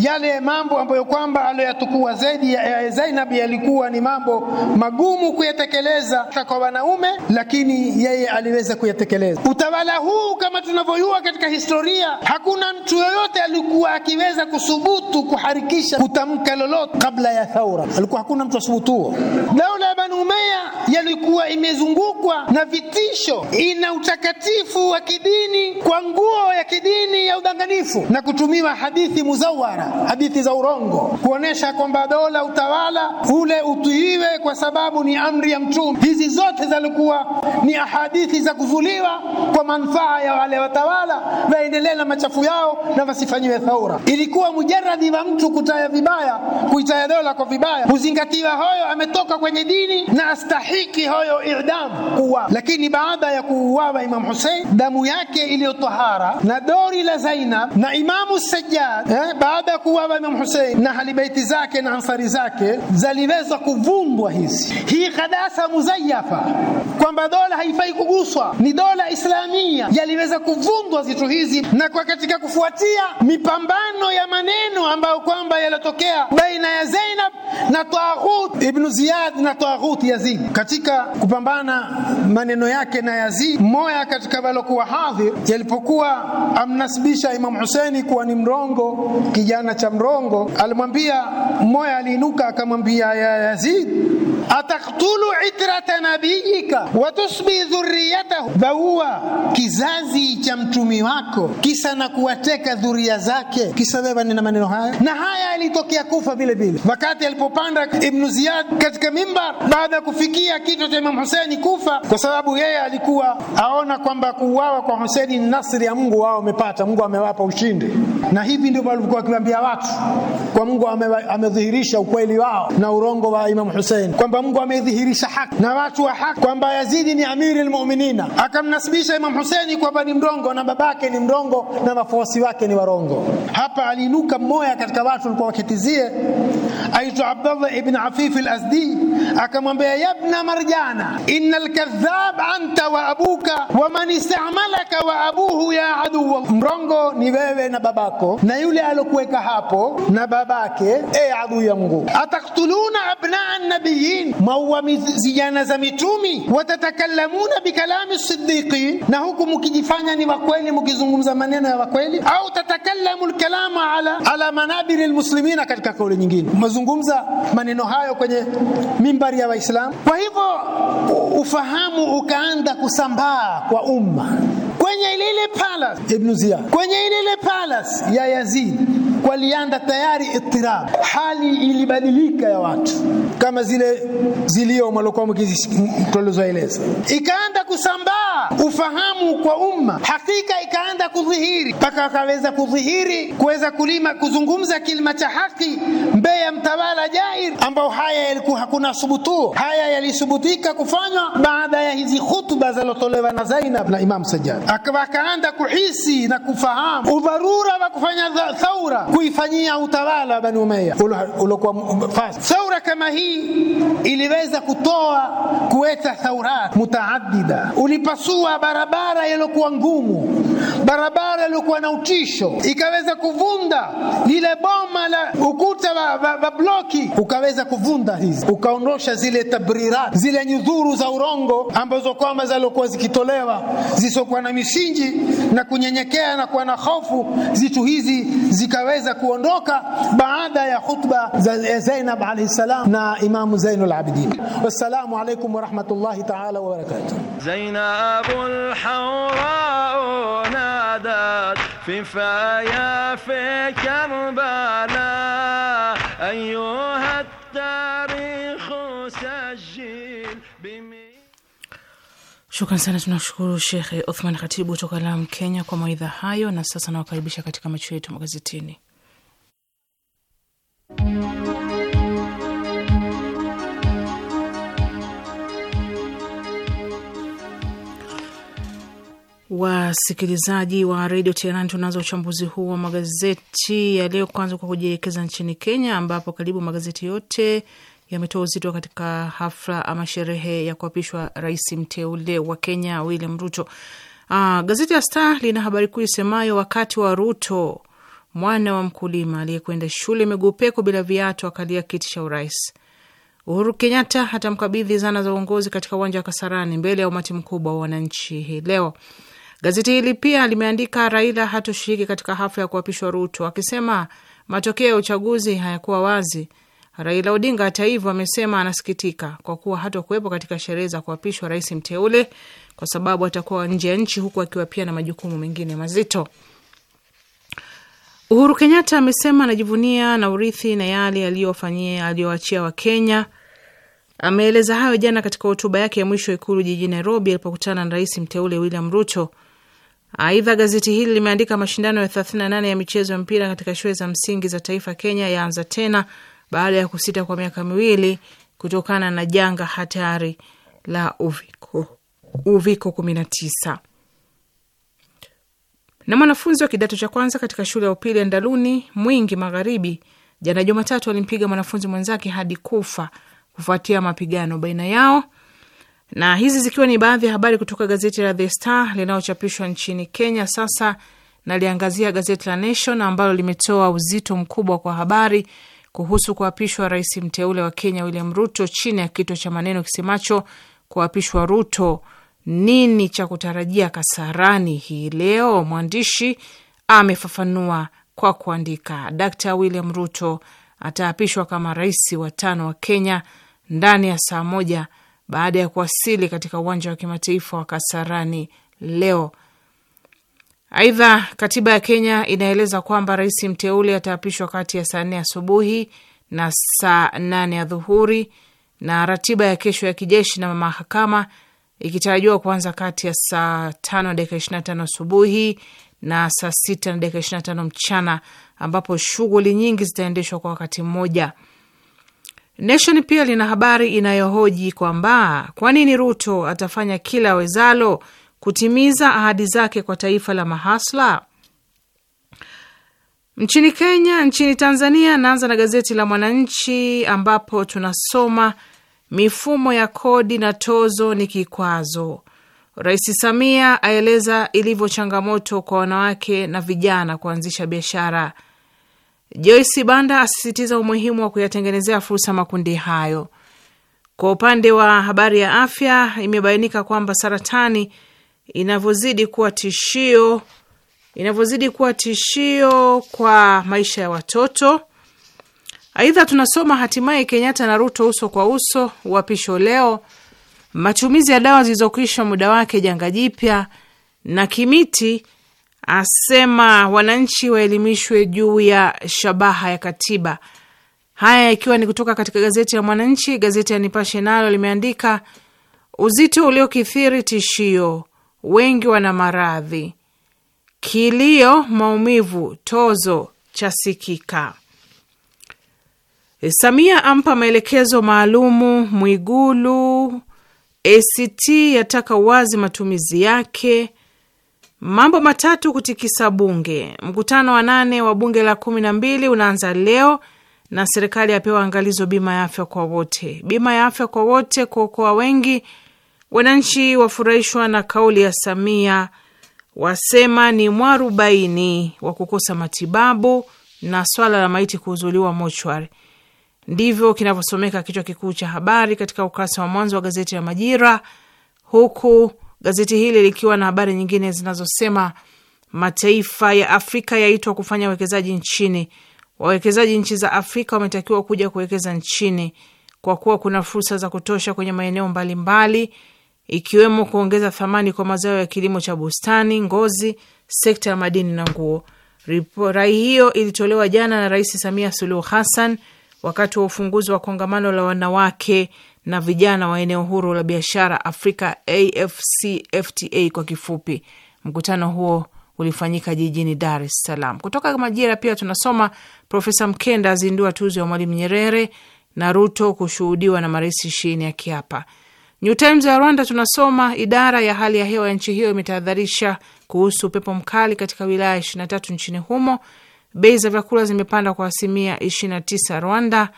yale mambo ambayo kwamba aliyotukua zaidi ya eh, Zainab yalikuwa ni mambo magumu kuyatekeleza kwa wanaume, lakini yeye aliweza kuyatekeleza. Utawala huu kama tunavyojua katika historia, hakuna mtu yoyote alikuwa akiweza kusubutu kuharikisha kutamka lolote kabla ya thaura, alikuwa hakuna mtu asubutuo. Daula ya Banu Umayya yalikuwa imezungukwa na vitisho, ina utakatifu wa kidini kwa nguo ya kidini ya udanganifu na kutumiwa hadithi muzawara hadithi za urongo, kuonesha kwamba dola, utawala ule utiiwe kwa sababu ni amri ya mtume. Hizi zote zalikuwa ni ahadithi za kuvuliwa kwa manufaa ya wale watawala, waendelee na machafu yao na wasifanyiwe thaura. Ilikuwa mujaradi wa mtu kutaya vibaya, kuitaya dola kwa vibaya, kuzingatiwa hoyo ametoka kwenye dini na astahiki hoyo idam kuwa. Lakini baada ya kuuawa Imam Hussein, damu yake iliyotohara na dori la Zainab na Imamu Sajjad eh, baada baada ya kuuawa Imam Hussein na halibaiti zake na ansari zake zaliweza kuvumbwa hizi hii kadasa muzayafa, kwamba dola haifai kuguswa, ni dola Islamia. Yaliweza kuvundwa zitu hizi, na kwa katika kufuatia mipambano ya maneno ambayo kwamba yalotokea baina ya Zainab na Taghut Ibn Ziyad na Taghut Yazid, katika kupambana maneno yake na Yazid, moya katika walokuwa hadhir, yalipokuwa amnasibisha Imam Husaini kuwa ni mrongo kijana kijana cha mrongo alimwambia mmoja aliinuka akamwambia ya Yazid ataktulu itrata nabiyika watusbi dhuriyatahu, vaua kizazi cha mtumi wako, kisa na kuwateka dhuria zake. Kisa wewe nina maneno haya, na haya alitokea Kufa vile vile, wakati alipopanda Ibnu Ziyad katika mimbar baada ya kufikia kichwa cha Imam Huseini Kufa, kwa sababu yeye alikuwa aona kwamba kuuawa kwa Huseini ni nasri ya Mungu, wao wamepata Mungu amewapa ushindi, na hivi ndio walivyokuwa wakiwaambia watu kwa Mungu amedhihirisha ukweli wao na urongo wa Imam Huseini kwamba kwamba Mungu ameidhihirisha haki na watu wa haki, kwamba Yazidi ni amiri lmuminina. Akamnasibisha Imam Huseni kwamba ni mrongo na babake ni mrongo na mafuasi wake ni warongo. Hapa aliinuka mmoja katika watu walikuwa wakitizie, aitwa Abdullah ibn Afif al-Azdi, akamwambia yabna marjana inna al-kadhab anta wa abuka wa man istamalaka wa abuhu ya aduwa, mrongo ni wewe na babako na yule alokuweka hapo na babake, e adui ya Mungu, ataktuluna abnaa an siddiqin, mauamizijana za mitumi. Watatakallamuna bikalami siddiqin, na huku mkijifanya ni wakweli, mkizungumza maneno ya wakweli. Au tatakallamu lkalama ala, ala manabiri lmuslimina, katika kauli nyingine mazungumza maneno hayo kwenye mimbari ya Waislamu. Kwa hivyo ufahamu ukaanza kusambaa kwa umma kwenye ile palace Ibn Ziyad, kwenye ile palace ya Yazid walianda tayari itirab, hali ilibadilika ya watu kama zile zilio mwalokuwa tulizoeleza, ikaanda kusambaa ufahamu kwa umma, hakika ikaanda kudhihiri mpaka wakaweza kudhihiri kuweza kulima kuzungumza kilima cha haki mbele ya mtawala Jair, ambao haya yalikuwa hakuna subutu. Haya yalisubutika kufanywa baada ya hizi hutuba zalotolewa na Zainab na Imam Sajjad wakaanza kuhisi na kufahamu udharura wa kufanya thaura, kuifanyia utawala wa Bani Umayya uliokuwa fasi. Thaura kama hii iliweza kutoa kuweta thaurat mutaadida, ulipasua barabara yaliokuwa ngumu, barabara yaliokuwa na utisho, ikaweza kuvunda lile boma la ukuta wa, wa, wa bloki, ukaweza kuvunda hizi, ukaondosha zile tabrirat, zile nyudhuru za urongo ambazo kwamba zaliokuwa zikitolewa zisokuwa na misi misingi na kunyenyekea na kuwa na hofu zitu hizi zikaweza kuondoka baada ya khutba za Zainab alayhi salam na Imam Zainul Abidin wassalamu alaykum wa rahmatullahi ta'ala wa barakatuh Zainabul Hawra nadat fi faya fi Karbala ayyuha at-tarikh sa Shukran sana, tunashukuru Shekhe Othman Khatibu toka Lamu, Kenya, kwa mawaidha hayo. Na sasa nawakaribisha katika macho yetu magazetini. Wasikilizaji wa redio Teherani, tunaanza uchambuzi huu wa magazeti ya leo kwanza kwa kujielekeza nchini Kenya, ambapo karibu magazeti yote yametoa uzito katika hafla ama sherehe ya kuapishwa rais mteule wa Kenya William Ruto. Aa, ah, gazeti ya Star lina habari kuu isemayo wakati wa Ruto mwana wa mkulima aliyekwenda shule miguu peku bila viatu akalia kiti cha urais. Uhuru Kenyatta hatamkabidhi zana za uongozi katika uwanja wa Kasarani mbele ya umati mkubwa wa wananchi hii leo. Gazeti hili pia limeandika Raila hatoshiriki katika hafla ya kuapishwa Ruto, akisema matokeo ya uchaguzi hayakuwa wazi Raila Odinga hata hivyo amesema anasikitika kwa kuwa hata kuwepo katika sherehe za kuapishwa rais mteule kwa sababu atakuwa nje ya nchi huku akiwa pia na majukumu mengine mazito. Uhuru Kenyatta amesema anajivunia na urithi na yale aliyowafanyia aliyowachia Wakenya. Ameeleza hayo jana katika hotuba yake ya mwisho Ikulu jijini Nairobi alipokutana na rais mteule William Ruto. Aidha, gazeti hili limeandika mashindano ya 38 ya michezo ya mpira katika shule za msingi za taifa Kenya yaanza tena baada ya kusita kwa miaka miwili kutokana na janga hatari la uviko uviko kumi na tisa. Na mwanafunzi wa kidato cha kwanza katika shule ya upili Andaluni Mwingi Magharibi jana Jumatatu alimpiga mwanafunzi mwenzake hadi kufa kufuatia mapigano baina yao. Na hizi zikiwa ni baadhi ya habari kutoka gazeti la The Star linalochapishwa nchini Kenya. Sasa naliangazia gazeti la Nation ambalo limetoa uzito mkubwa kwa habari kuhusu kuapishwa rais mteule wa Kenya William Ruto chini ya kichwa cha maneno kisemacho kuapishwa Ruto, nini cha kutarajia Kasarani hii leo? Mwandishi amefafanua kwa kuandika, Dr William Ruto ataapishwa kama rais wa tano wa Kenya ndani ya saa moja baada ya kuwasili katika uwanja wa kimataifa wa Kasarani leo Aidha, katiba ya Kenya inaeleza kwamba rais mteule ataapishwa kati ya saa nne asubuhi na saa nane ya dhuhuri, na ratiba ya kesho ya kijeshi na mahakama ikitarajiwa kuanza kati ya saa tano na dakika ishirini na tano asubuhi na saa sita na dakika ishirini na tano mchana ambapo shughuli nyingi zitaendeshwa kwa wakati mmoja. Nation pia lina habari inayohoji kwamba kwa nini Ruto atafanya kila wezalo kutimiza ahadi zake kwa taifa la mahasla nchini Kenya. Nchini Tanzania, naanza na gazeti la Mwananchi ambapo tunasoma mifumo ya kodi na tozo ni kikwazo. Rais Samia aeleza ilivyo changamoto kwa wanawake na vijana kuanzisha biashara. Joyce Banda asisitiza umuhimu wa kuyatengenezea fursa makundi hayo. Kwa upande wa habari ya afya, imebainika kwamba saratani inavyozidi kuwa tishio inavyozidi kuwa tishio kwa maisha ya watoto. Aidha, tunasoma hatimaye Kenyatta na Ruto uso kwa uso, uapisho leo, matumizi ya dawa zilizokwisha muda wake, janga jipya, na Kimiti asema wananchi waelimishwe juu ya shabaha ya katiba. Haya ikiwa ni kutoka katika gazeti ya Mwananchi. Gazeti ya Nipashe nalo limeandika uzito uliokithiri tishio wengi wana maradhi, kilio, maumivu, tozo chasikika. Samia ampa maelekezo maalumu Mwigulu. ACT yataka wazi matumizi yake. Mambo matatu kutikisa Bunge. Mkutano wa nane wa Bunge la kumi na mbili unaanza leo na serikali yapewa angalizo bima ya afya kwa wote. Bima ya afya kwa wote kuokoa wengi Wananchi wafurahishwa na kauli ya Samia, wasema ni mwarubaini wa kukosa matibabu na swala la maiti kuuzuliwa mochwari. Ndivyo kinavyosomeka kichwa kikuu cha habari katika ukurasa wa mwanzo wa gazeti la Majira, huku gazeti hili likiwa na habari nyingine zinazosema mataifa ya Afrika yaitwa kufanya uwekezaji nchini, wawekezaji nchi za Afrika wametakiwa kuja kuwekeza nchini kwa kuwa kuna fursa za kutosha kwenye maeneo mbalimbali mbali, ikiwemo kuongeza thamani kwa mazao ya kilimo cha bustani, ngozi, sekta ya madini na nguo. Rai hiyo ilitolewa jana na Rais Samia Suluhu Hassan wakati wa ufunguzi wa kongamano la wanawake na vijana wa eneo huru la biashara Afrika, AfCFTA kwa kifupi. Mkutano huo ulifanyika jijini Dar es Salaam. Kutoka Majira pia tunasoma Profesa Mkenda azindua tuzo ya Mwalimu Nyerere na Ruto kushuhudiwa na marais ishirini ya kiapa New Times ya Rwanda tunasoma, idara ya hali ya hewa ya nchi hiyo imetahadharisha kuhusu upepo mkali katika wilaya 23 nchini humo. Bei za vyakula zimepanda kwa asilimia 29 Rwanda.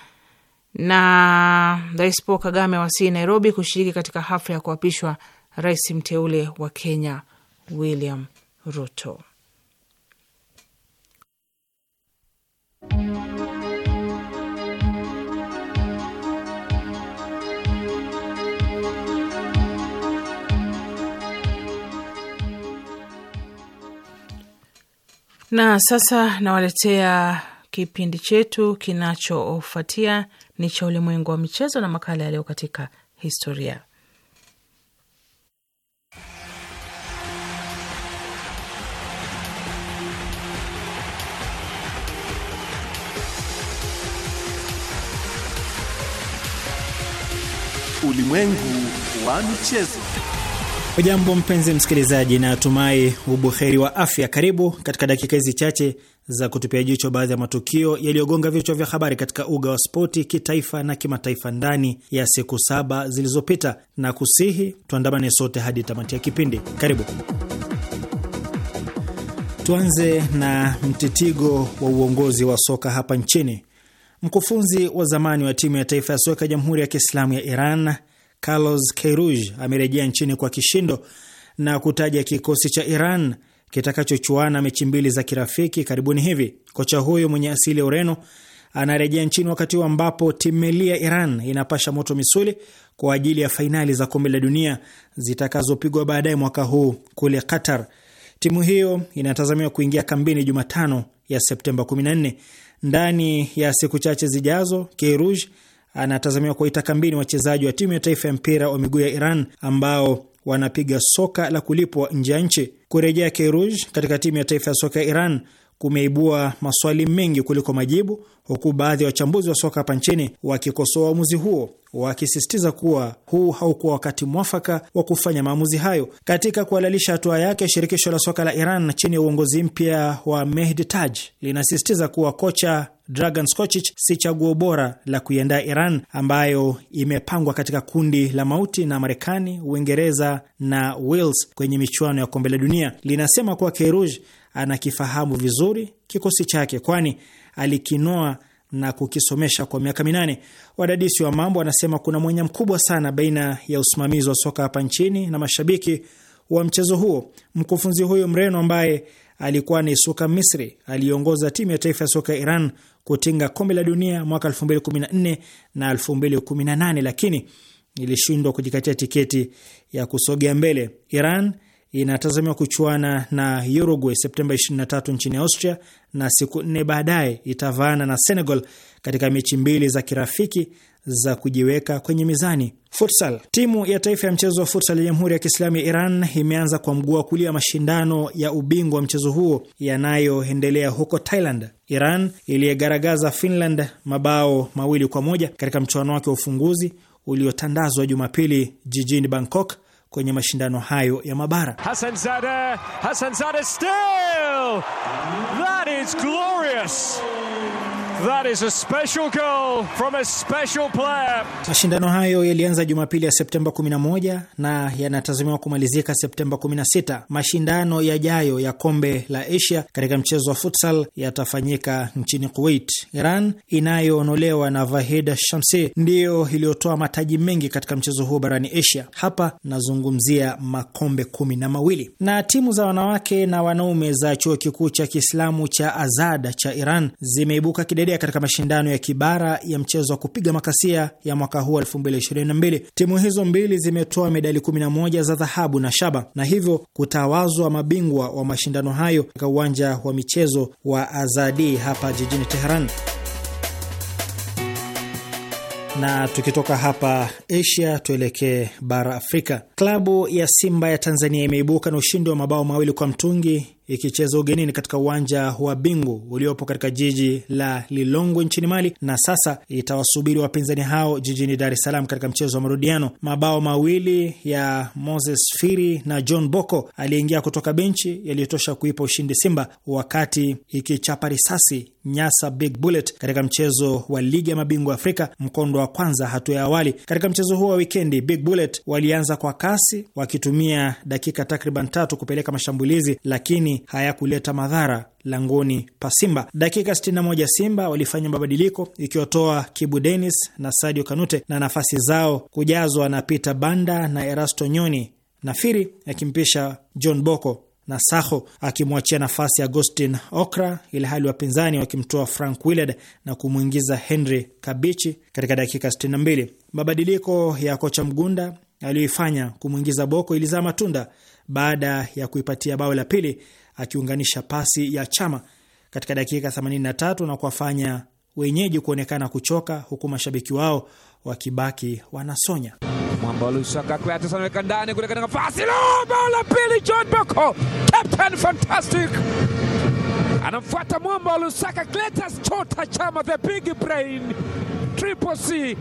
Na Rais Paul Kagame wasili Nairobi kushiriki katika hafla ya kuapishwa rais mteule wa Kenya William Ruto. Na sasa nawaletea kipindi chetu kinachofuatia ni cha ulimwengu wa michezo na makala ya leo katika historia. Ulimwengu wa michezo. Ujambo mpenzi msikilizaji, na atumai ubuheri wa afya. Karibu katika dakika hizi chache za kutupia jicho baadhi ya matukio yaliyogonga vichwa vya habari katika uga wa spoti kitaifa na kimataifa ndani ya siku saba zilizopita, na kusihi tuandamane sote hadi tamati ya kipindi. Karibu. Tuanze na mtitigo wa uongozi wa soka hapa nchini. Mkufunzi wa zamani wa timu ya taifa ya soka ya Jamhuri ya Kiislamu ya Iran Carlos Queiroz amerejea nchini kwa kishindo na kutaja kikosi cha Iran kitakachochuana mechi mbili za kirafiki karibuni hivi. Kocha huyo mwenye asili ya Ureno anarejea nchini wakati ambapo timu ya Iran inapasha moto misuli kwa ajili ya fainali za kombe la dunia zitakazopigwa baadaye mwaka huu kule Qatar. Timu hiyo inatazamiwa kuingia kambini Jumatano ya Septemba 14. Ndani ya siku chache zijazo, Queiroz anatazamiwa kuwaita kambini wachezaji wa timu ya taifa ya mpira wa miguu ya Iran ambao wanapiga soka la kulipwa nje ya nchi. Kurejea Kairuj katika timu ya taifa ya soka ya Iran kumeibua maswali mengi kuliko majibu, huku baadhi ya wachambuzi wa soka hapa nchini wakikosoa uamuzi huo, wakisisitiza kuwa huu haukuwa wakati mwafaka wa kufanya maamuzi hayo. Katika kuhalalisha hatua yake, shirikisho la soka la Iran chini ya uongozi mpya wa Mehdi Taj linasisitiza kuwa kocha Dragan Skocic si chaguo bora la kuiandaa Iran ambayo imepangwa katika kundi la mauti na Marekani, Uingereza na Wales kwenye michuano ya kombe la dunia. Linasema kuwa Keiruj anakifahamu vizuri kikosi chake, kwani alikinoa na kukisomesha kwa miaka minane. Wadadisi wa mambo wanasema kuna mwenya mkubwa sana baina ya usimamizi wa soka hapa nchini na mashabiki wa mchezo huo. Mkufunzi huyo Mreno ambaye alikuwa ni Suka Misri aliongoza timu ya taifa ya soka ya Iran kutinga kombe la dunia mwaka 2014 na 2018, lakini ilishindwa kujikatia tiketi ya kusogea mbele. Iran inatazamiwa kuchuana na Uruguay Septemba 23 nchini Austria, na siku nne baadaye itavaana na Senegal katika mechi mbili za kirafiki za kujiweka kwenye mizani. Futsal. Timu ya taifa ya mchezo wa futsal ya Jamhuri ya Kiislamu ya Iran imeanza kwa mguu wa kulia mashindano ya ubingwa wa mchezo huo yanayoendelea huko Thailand. Iran iliyegaragaza Finland mabao mawili kwa moja katika mchuano wake wa ufunguzi uliotandazwa Jumapili jijini Bangkok kwenye mashindano hayo ya mabara. Hassan Zade, Hassan Zade still. That is glorious. That is a special goal from a special player. Mashindano hayo yalianza Jumapili ya Septemba 11 na yanatazamiwa kumalizika Septemba 16. Mashindano yajayo ya kombe la Asia katika mchezo wa futsal yatafanyika nchini Kuwait. Iran inayoonolewa na Vahid Shamsi ndiyo iliyotoa mataji mengi katika mchezo huo barani Asia. Hapa nazungumzia makombe kumi na mawili. Na timu za wanawake na wanaume za chuo kikuu cha Kiislamu cha Azad cha Iran zimeibuka kidede Italia katika mashindano ya kibara ya mchezo wa kupiga makasia ya mwaka huu 2022. Timu hizo mbili zimetoa medali 11 za dhahabu na shaba na hivyo kutawazwa mabingwa wa mashindano hayo katika uwanja wa michezo wa Azadi hapa jijini Teheran. Na tukitoka hapa Asia tuelekee bara Afrika. Klabu ya Simba ya Tanzania imeibuka na ushindi wa mabao mawili kwa mtungi ikicheza ugenini katika uwanja wa Bingu uliopo katika jiji la Lilongwe nchini Mali, na sasa itawasubiri wapinzani hao jijini Dar es Salaam katika mchezo wa marudiano. Mabao mawili ya Moses Firi na John Boko aliyeingia kutoka benchi yaliyotosha kuipa ushindi Simba wakati ikichapa risasi Nyasa Big Bullet katika mchezo wa ligi ya mabingwa Afrika mkondo wa kwanza hatua ya awali. Katika mchezo huo wa wikendi, Big Bullet walianza kwa kasi wakitumia dakika takriban tatu kupeleka mashambulizi, lakini hayakuleta madhara langoni pa Simba. Dakika 61 Simba walifanya mabadiliko ikiwatoa Kibu Denis na Sadio Kanute na nafasi zao kujazwa na Peter Banda na Erasto Nyoni, Nafiri akimpisha John Boko na Saho akimwachia nafasi Agostin Okra, ili hali wapinzani wakimtoa Frank Willard na kumwingiza Henry Kabichi katika dakika 62. Mabadiliko ya kocha Mgunda aliyoifanya kumwingiza Boko ilizaa matunda baada ya kuipatia bao la pili akiunganisha pasi ya Chama katika dakika 83 na kuwafanya wenyeji kuonekana kuchoka huku mashabiki wao wakibaki wanasonya. ndani nafasi. Lo, bao la pili John Boko. Captain Fantastic. Anamfuata Mwamba Lusaka Chota Chama the Big Brain. Triple C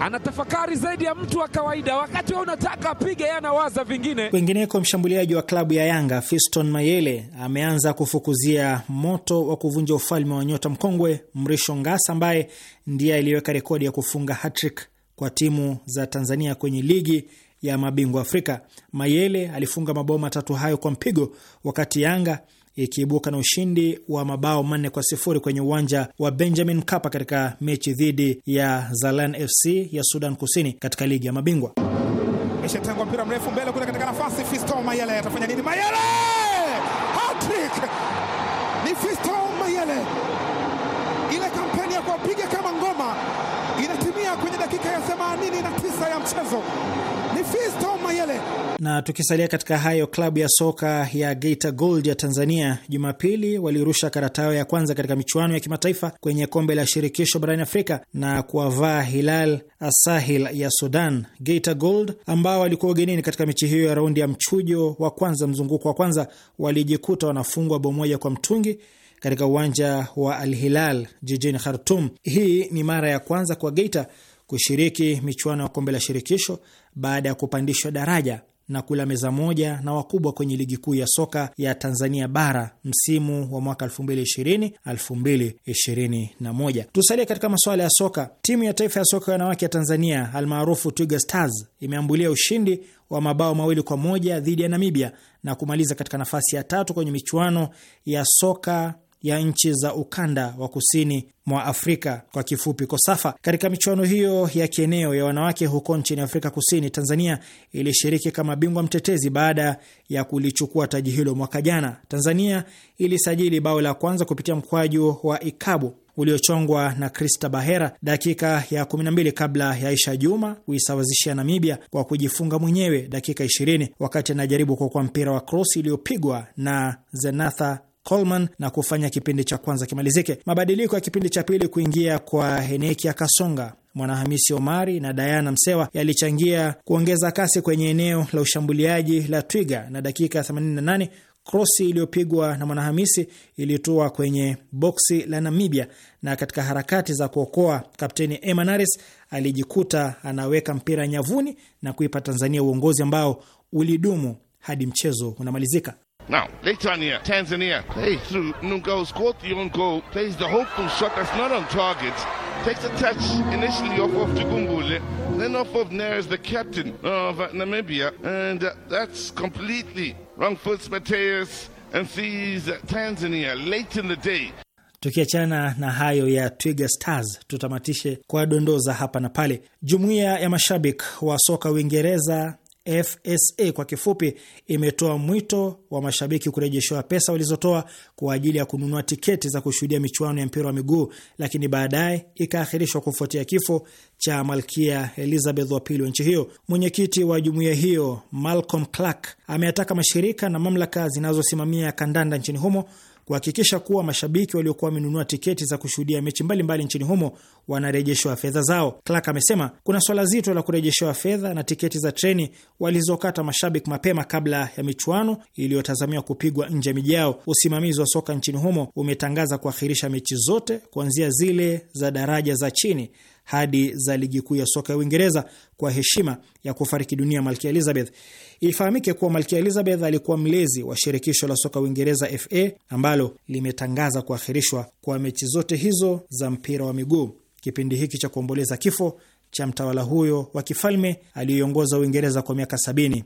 anatafakari zaidi ya mtu wa kawaida. Wakati wewe unataka apige, yeye anawaza vingine. Kwengineko, mshambuliaji wa klabu ya Yanga Fiston Mayele ameanza kufukuzia moto wa kuvunja ufalme wa nyota mkongwe Mrisho Ngasa ambaye ndiye aliyeweka rekodi ya kufunga hatrick kwa timu za Tanzania kwenye ligi ya mabingwa Afrika. Mayele alifunga mabao matatu hayo kwa mpigo, wakati Yanga ikiibuka na ushindi wa mabao manne kwa sifuri kwenye uwanja wa Benjamin Mkapa katika mechi dhidi ya Zalan FC ya Sudan Kusini katika ligi ya mabingwa. Ishatangwa mpira mrefu mbele kule katika nafasi, Fiston Mayele atafanya nini? Mayele hattrick! Ni Fiston Mayele, ile kampeni ya kuwapiga kama ngoma inatimia kwenye dakika ya 89 ya mchezo. Na tukisalia katika hayo, klabu ya soka ya Geita Gold ya Tanzania Jumapili walirusha karata yao ya kwanza katika michuano ya kimataifa kwenye kombe la shirikisho barani Afrika na kuwavaa Hilal Asahil ya Sudan. Geita Gold ambao walikuwa ugenini katika mechi hiyo ya raundi ya mchujo wa kwanza, mzunguko wa kwanza, walijikuta wanafungwa bao moja kwa mtungi katika uwanja wa Al Hilal jijini Khartum. Hii ni mara ya kwanza kwa Geita kushiriki michuano ya kombe la shirikisho baada ya kupandishwa daraja na kula meza moja na wakubwa kwenye ligi kuu ya soka ya Tanzania bara msimu wa mwaka 2020 2021. Tusalie katika masuala ya soka. Timu ya taifa ya soka ya wanawake ya Tanzania almaarufu Twiga Stars imeambulia ushindi wa mabao mawili kwa moja dhidi ya Namibia na kumaliza katika nafasi ya tatu kwenye michuano ya soka ya nchi za ukanda wa kusini mwa Afrika kwa kifupi KOSAFA. Katika michuano hiyo ya kieneo ya wanawake huko nchini Afrika Kusini, Tanzania ilishiriki kama bingwa mtetezi baada ya kulichukua taji hilo mwaka jana. Tanzania ilisajili bao la kwanza kupitia mkwaju wa ikabu uliochongwa na Krista Bahera dakika ya 12 kabla ya Aisha Juma kuisawazishia Namibia kwa kujifunga mwenyewe dakika 20 wakati anajaribu kuokoa mpira wa krosi iliyopigwa na Zenatha Coleman na kufanya kipindi cha kwanza kimalizike. Mabadiliko ya kipindi cha pili kuingia kwa henekia Kasonga, Mwanahamisi Omari na Diana Msewa yalichangia kuongeza kasi kwenye eneo la ushambuliaji la Twiga, na dakika 88 krosi iliyopigwa na Mwanahamisi ilitua kwenye boksi la Namibia, na katika harakati za kuokoa, Kapteni Emanaris alijikuta anaweka mpira nyavuni na kuipa Tanzania uongozi ambao ulidumu hadi mchezo unamalizika. Now, later Tanzania plays through Nungo's caught the own goal, plays the hopeful shot that's not on target, takes a touch initially off of Tugumbule, then off of Neres, the captain of uh, Namibia, and uh, that's completely wrong foot Mateus and sees Tanzania late in the day. Tukiachana na hayo ya Twiga Stars, tutamatishe kwa dondoza hapa na pale. Jumuiya ya mashabiki wa soka Uingereza FSA kwa kifupi, imetoa mwito wa mashabiki kurejeshewa pesa walizotoa kwa ajili ya kununua tiketi za kushuhudia michuano ya mpira wa miguu, lakini baadaye ikaahirishwa kufuatia kifo cha malkia Elizabeth wa pili wa nchi hiyo. Mwenyekiti wa jumuiya hiyo Malcolm Clark ameataka mashirika na mamlaka zinazosimamia kandanda nchini humo kuhakikisha kuwa mashabiki waliokuwa wamenunua tiketi za kushuhudia mechi mbalimbali nchini humo wanarejeshewa fedha zao. Clark amesema kuna swala zito la kurejeshewa fedha na tiketi za treni walizokata mashabiki mapema kabla ya michuano iliyotazamiwa kupigwa nje miji yao. Usimamizi wa soka nchini humo umetangaza kuahirisha mechi zote kuanzia zile za daraja za chini hadi za ligi kuu ya soka ya Uingereza kwa heshima ya kufariki dunia Malkia Elizabeth. Ifahamike kuwa Malkia Elizabeth alikuwa mlezi wa shirikisho la soka Uingereza FA ambalo limetangaza kuahirishwa kwa mechi zote hizo za mpira wa miguu. Kipindi hiki cha kuomboleza kifo cha mtawala huyo wa kifalme aliyeongoza Uingereza kwa miaka sabini.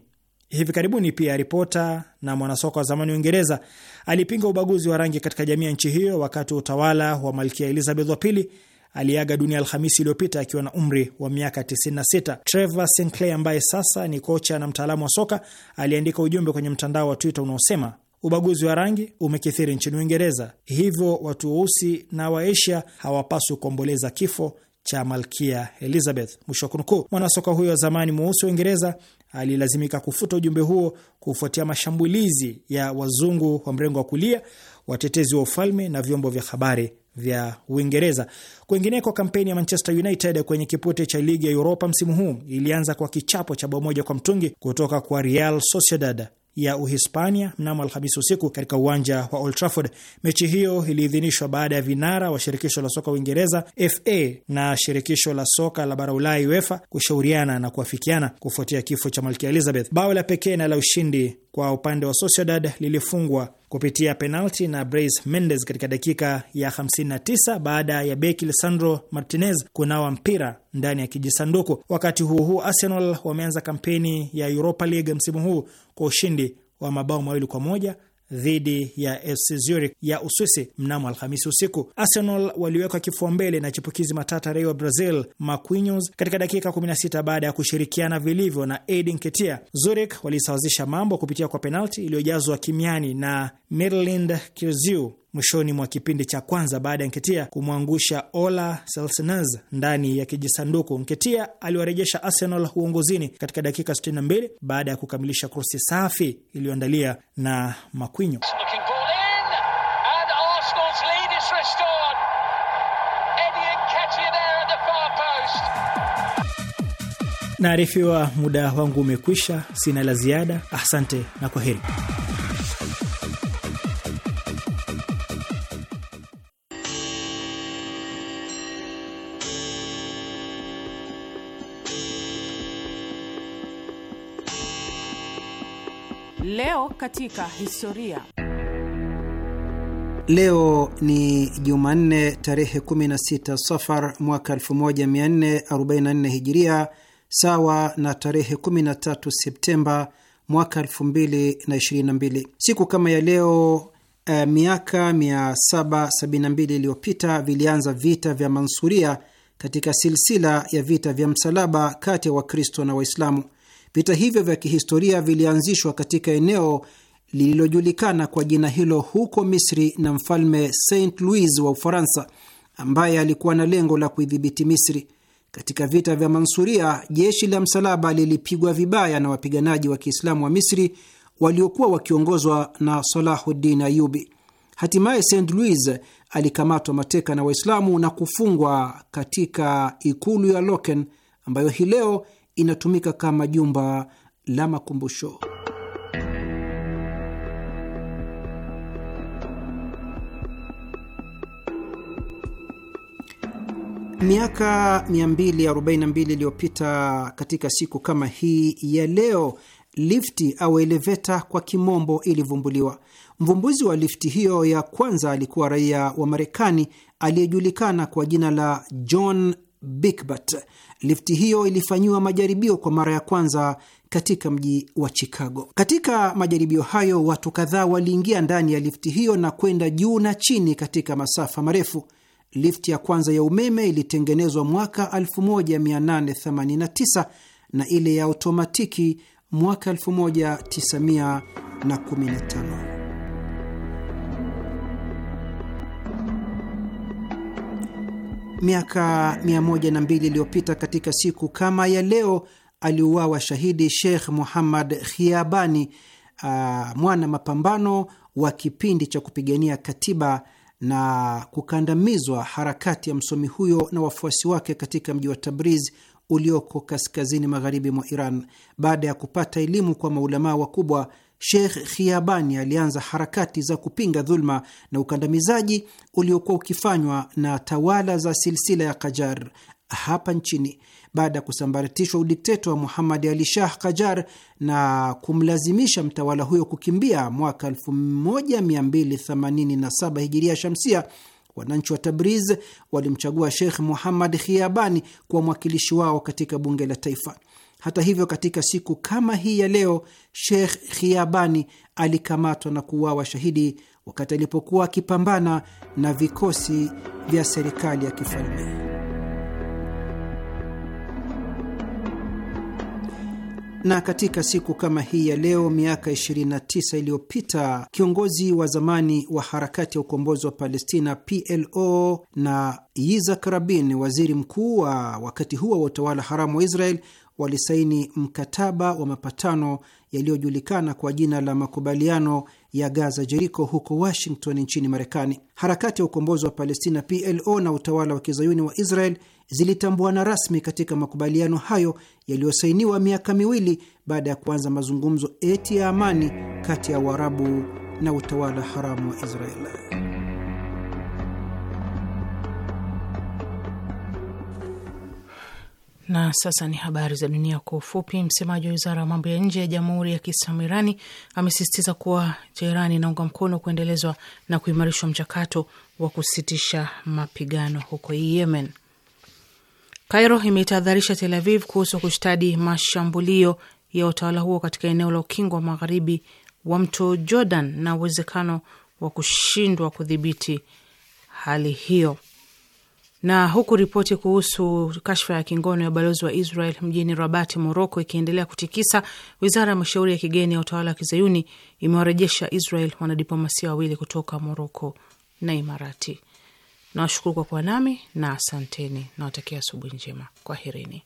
Hivi karibuni pia ripota na mwanasoka wa zamani wa Uingereza alipinga ubaguzi wa rangi katika jamii ya nchi hiyo wakati wa utawala wa Malkia Elizabeth wa pili aliaga dunia Alhamisi iliyopita akiwa na umri wa miaka 96. Trevor Sinclair ambaye sasa ni kocha na mtaalamu wa soka aliandika ujumbe kwenye mtandao wa Twitter unaosema ubaguzi wa rangi umekithiri nchini Uingereza, hivyo watu weusi na Waasia hawapaswi kuomboleza kifo cha malkia Elizabeth, mwisho wa kunukuu. Mwanasoka huyo wa zamani mweusi wa Uingereza alilazimika kufuta ujumbe huo kufuatia mashambulizi ya wazungu wa mrengo wa kulia, watetezi wa ufalme na vyombo vya habari vya Uingereza. Kwingineko, kampeni ya Manchester United kwenye kipute cha ligi ya Europa msimu huu ilianza kwa kichapo cha bao moja kwa mtungi kutoka kwa Real Sociedad ya Uhispania mnamo Alhamisi usiku katika uwanja wa Old Trafford. Mechi hiyo iliidhinishwa baada ya vinara wa shirikisho la soka Uingereza FA na shirikisho la soka la bara Ulaya UEFA kushauriana na kuafikiana kufuatia kifo cha Malkia Elizabeth. Bao la pekee na la ushindi kwa upande wa Sociedad lilifungwa kupitia penalti na Brais Mendes katika dakika ya 59 baada ya beki Lisandro Martinez kunawa mpira ndani ya kijisanduku. Wakati huo huo, Arsenal wameanza kampeni ya Europa League msimu huu kwa ushindi wa mabao mawili kwa moja dhidi ya FC Zurich ya Uswisi mnamo Alhamisi usiku. Arsenal waliwekwa kifua mbele na chipukizi matata raia wa Brazil Marquinhos katika dakika 16 baada ya kushirikiana vilivyo na Edin Ketia. Zurich walisawazisha mambo kupitia kwa penalti iliyojazwa kimiani na Mirlind Kirziu mwishoni mwa kipindi cha kwanza baada ya Nketia kumwangusha Ola Selsenaz ndani ya kijisanduku. Nketia aliwarejesha Arsenal uongozini katika dakika 62 baada ya kukamilisha krosi safi iliyoandalia na Makwinyo. Naarifiwa muda wangu umekwisha, sina la ziada. Asante na kwa heri. Leo katika historia. Leo ni Jumanne tarehe 16 Safar mwaka 1444 Hijiria, sawa na tarehe 13 Septemba mwaka 2022. Siku kama ya leo eh, miaka 772 iliyopita vilianza vita vya Mansuria katika silsila ya vita vya msalaba kati ya Wakristo na Waislamu. Vita hivyo vya kihistoria vilianzishwa katika eneo lililojulikana kwa jina hilo huko Misri na mfalme Saint Louis wa Ufaransa, ambaye alikuwa na lengo la kuidhibiti Misri. Katika vita vya Mansuria, jeshi la msalaba lilipigwa vibaya na wapiganaji wa Kiislamu wa Misri waliokuwa wakiongozwa na Salahuddin Ayubi. Hatimaye St Louis alikamatwa mateka na Waislamu na kufungwa katika ikulu ya Loken ambayo hii leo inatumika kama jumba la makumbusho. Miaka 242 iliyopita katika siku kama hii ya leo, lifti au eleveta kwa kimombo ilivumbuliwa. Mvumbuzi wa lifti hiyo ya kwanza alikuwa raia wa Marekani aliyejulikana kwa jina la John Bikbert lifti hiyo ilifanyiwa majaribio kwa mara ya kwanza katika mji wa Chicago. Katika majaribio hayo, watu kadhaa waliingia ndani ya lifti hiyo na kwenda juu na chini katika masafa marefu. Lifti ya kwanza ya umeme ilitengenezwa mwaka 1889 na ile ya otomatiki mwaka 1915. miaka 102 iliyopita katika siku kama ya leo aliuawa shahidi Sheikh Muhammad Khiabani, uh, mwana mapambano wa kipindi cha kupigania katiba na kukandamizwa harakati ya msomi huyo na wafuasi wake katika mji wa Tabriz ulioko kaskazini magharibi mwa Iran. Baada ya kupata elimu kwa maulamaa wakubwa Sheikh Khiabani alianza harakati za kupinga dhuluma na ukandamizaji uliokuwa ukifanywa na tawala za silsila ya Kajar hapa nchini. Baada ya kusambaratishwa udikteta wa Muhammad Ali Shah Kajar na kumlazimisha mtawala huyo kukimbia mwaka 1287 hijiria shamsia, wananchi wa Tabriz walimchagua Sheikh Muhammad Khiabani kuwa mwakilishi wao katika bunge la taifa. Hata hivyo, katika siku kama hii ya leo, Sheikh Khiabani alikamatwa na kuuawa shahidi wakati alipokuwa akipambana na vikosi vya serikali ya kifalme. na katika siku kama hii ya leo miaka 29 iliyopita kiongozi wa zamani wa harakati ya ukombozi wa Palestina PLO na Yitzhak Rabin, waziri mkuu wa wakati huo wa utawala haramu wa Israel, walisaini mkataba wa mapatano yaliyojulikana kwa jina la makubaliano ya Gaza Jeriko huko Washington nchini Marekani. Harakati ya ukombozi wa Palestina PLO na utawala wa kizayuni wa Israel zilitambuana rasmi katika makubaliano hayo yaliyosainiwa miaka miwili baada ya kuanza mazungumzo eti ya amani kati ya Waarabu na utawala haramu wa Israel. Na sasa ni habari za dunia kwa ufupi. Msemaji wa wizara ya mambo ya nje ya Jamhuri ya Kiislamu Irani amesisitiza kuwa Teherani inaunga mkono kuendelezwa na kuimarishwa mchakato wa kusitisha mapigano huko Yemen. Kairo imetahadharisha Tel Aviv kuhusu kushtadi mashambulio ya utawala huo katika eneo la ukingo wa magharibi wa mto Jordan na uwezekano wa kushindwa kudhibiti hali hiyo. Na huku ripoti kuhusu kashfa ya kingono ya balozi wa Israel mjini Rabati, Moroko, ikiendelea kutikisa, wizara ya mashauri ya kigeni ya utawala wa kizayuni imewarejesha Israel wanadiplomasia wawili kutoka Moroko na Imarati. Nawashukuru kwa kuwa nami na asanteni, nawatakia asubuhi njema. Kwaherini.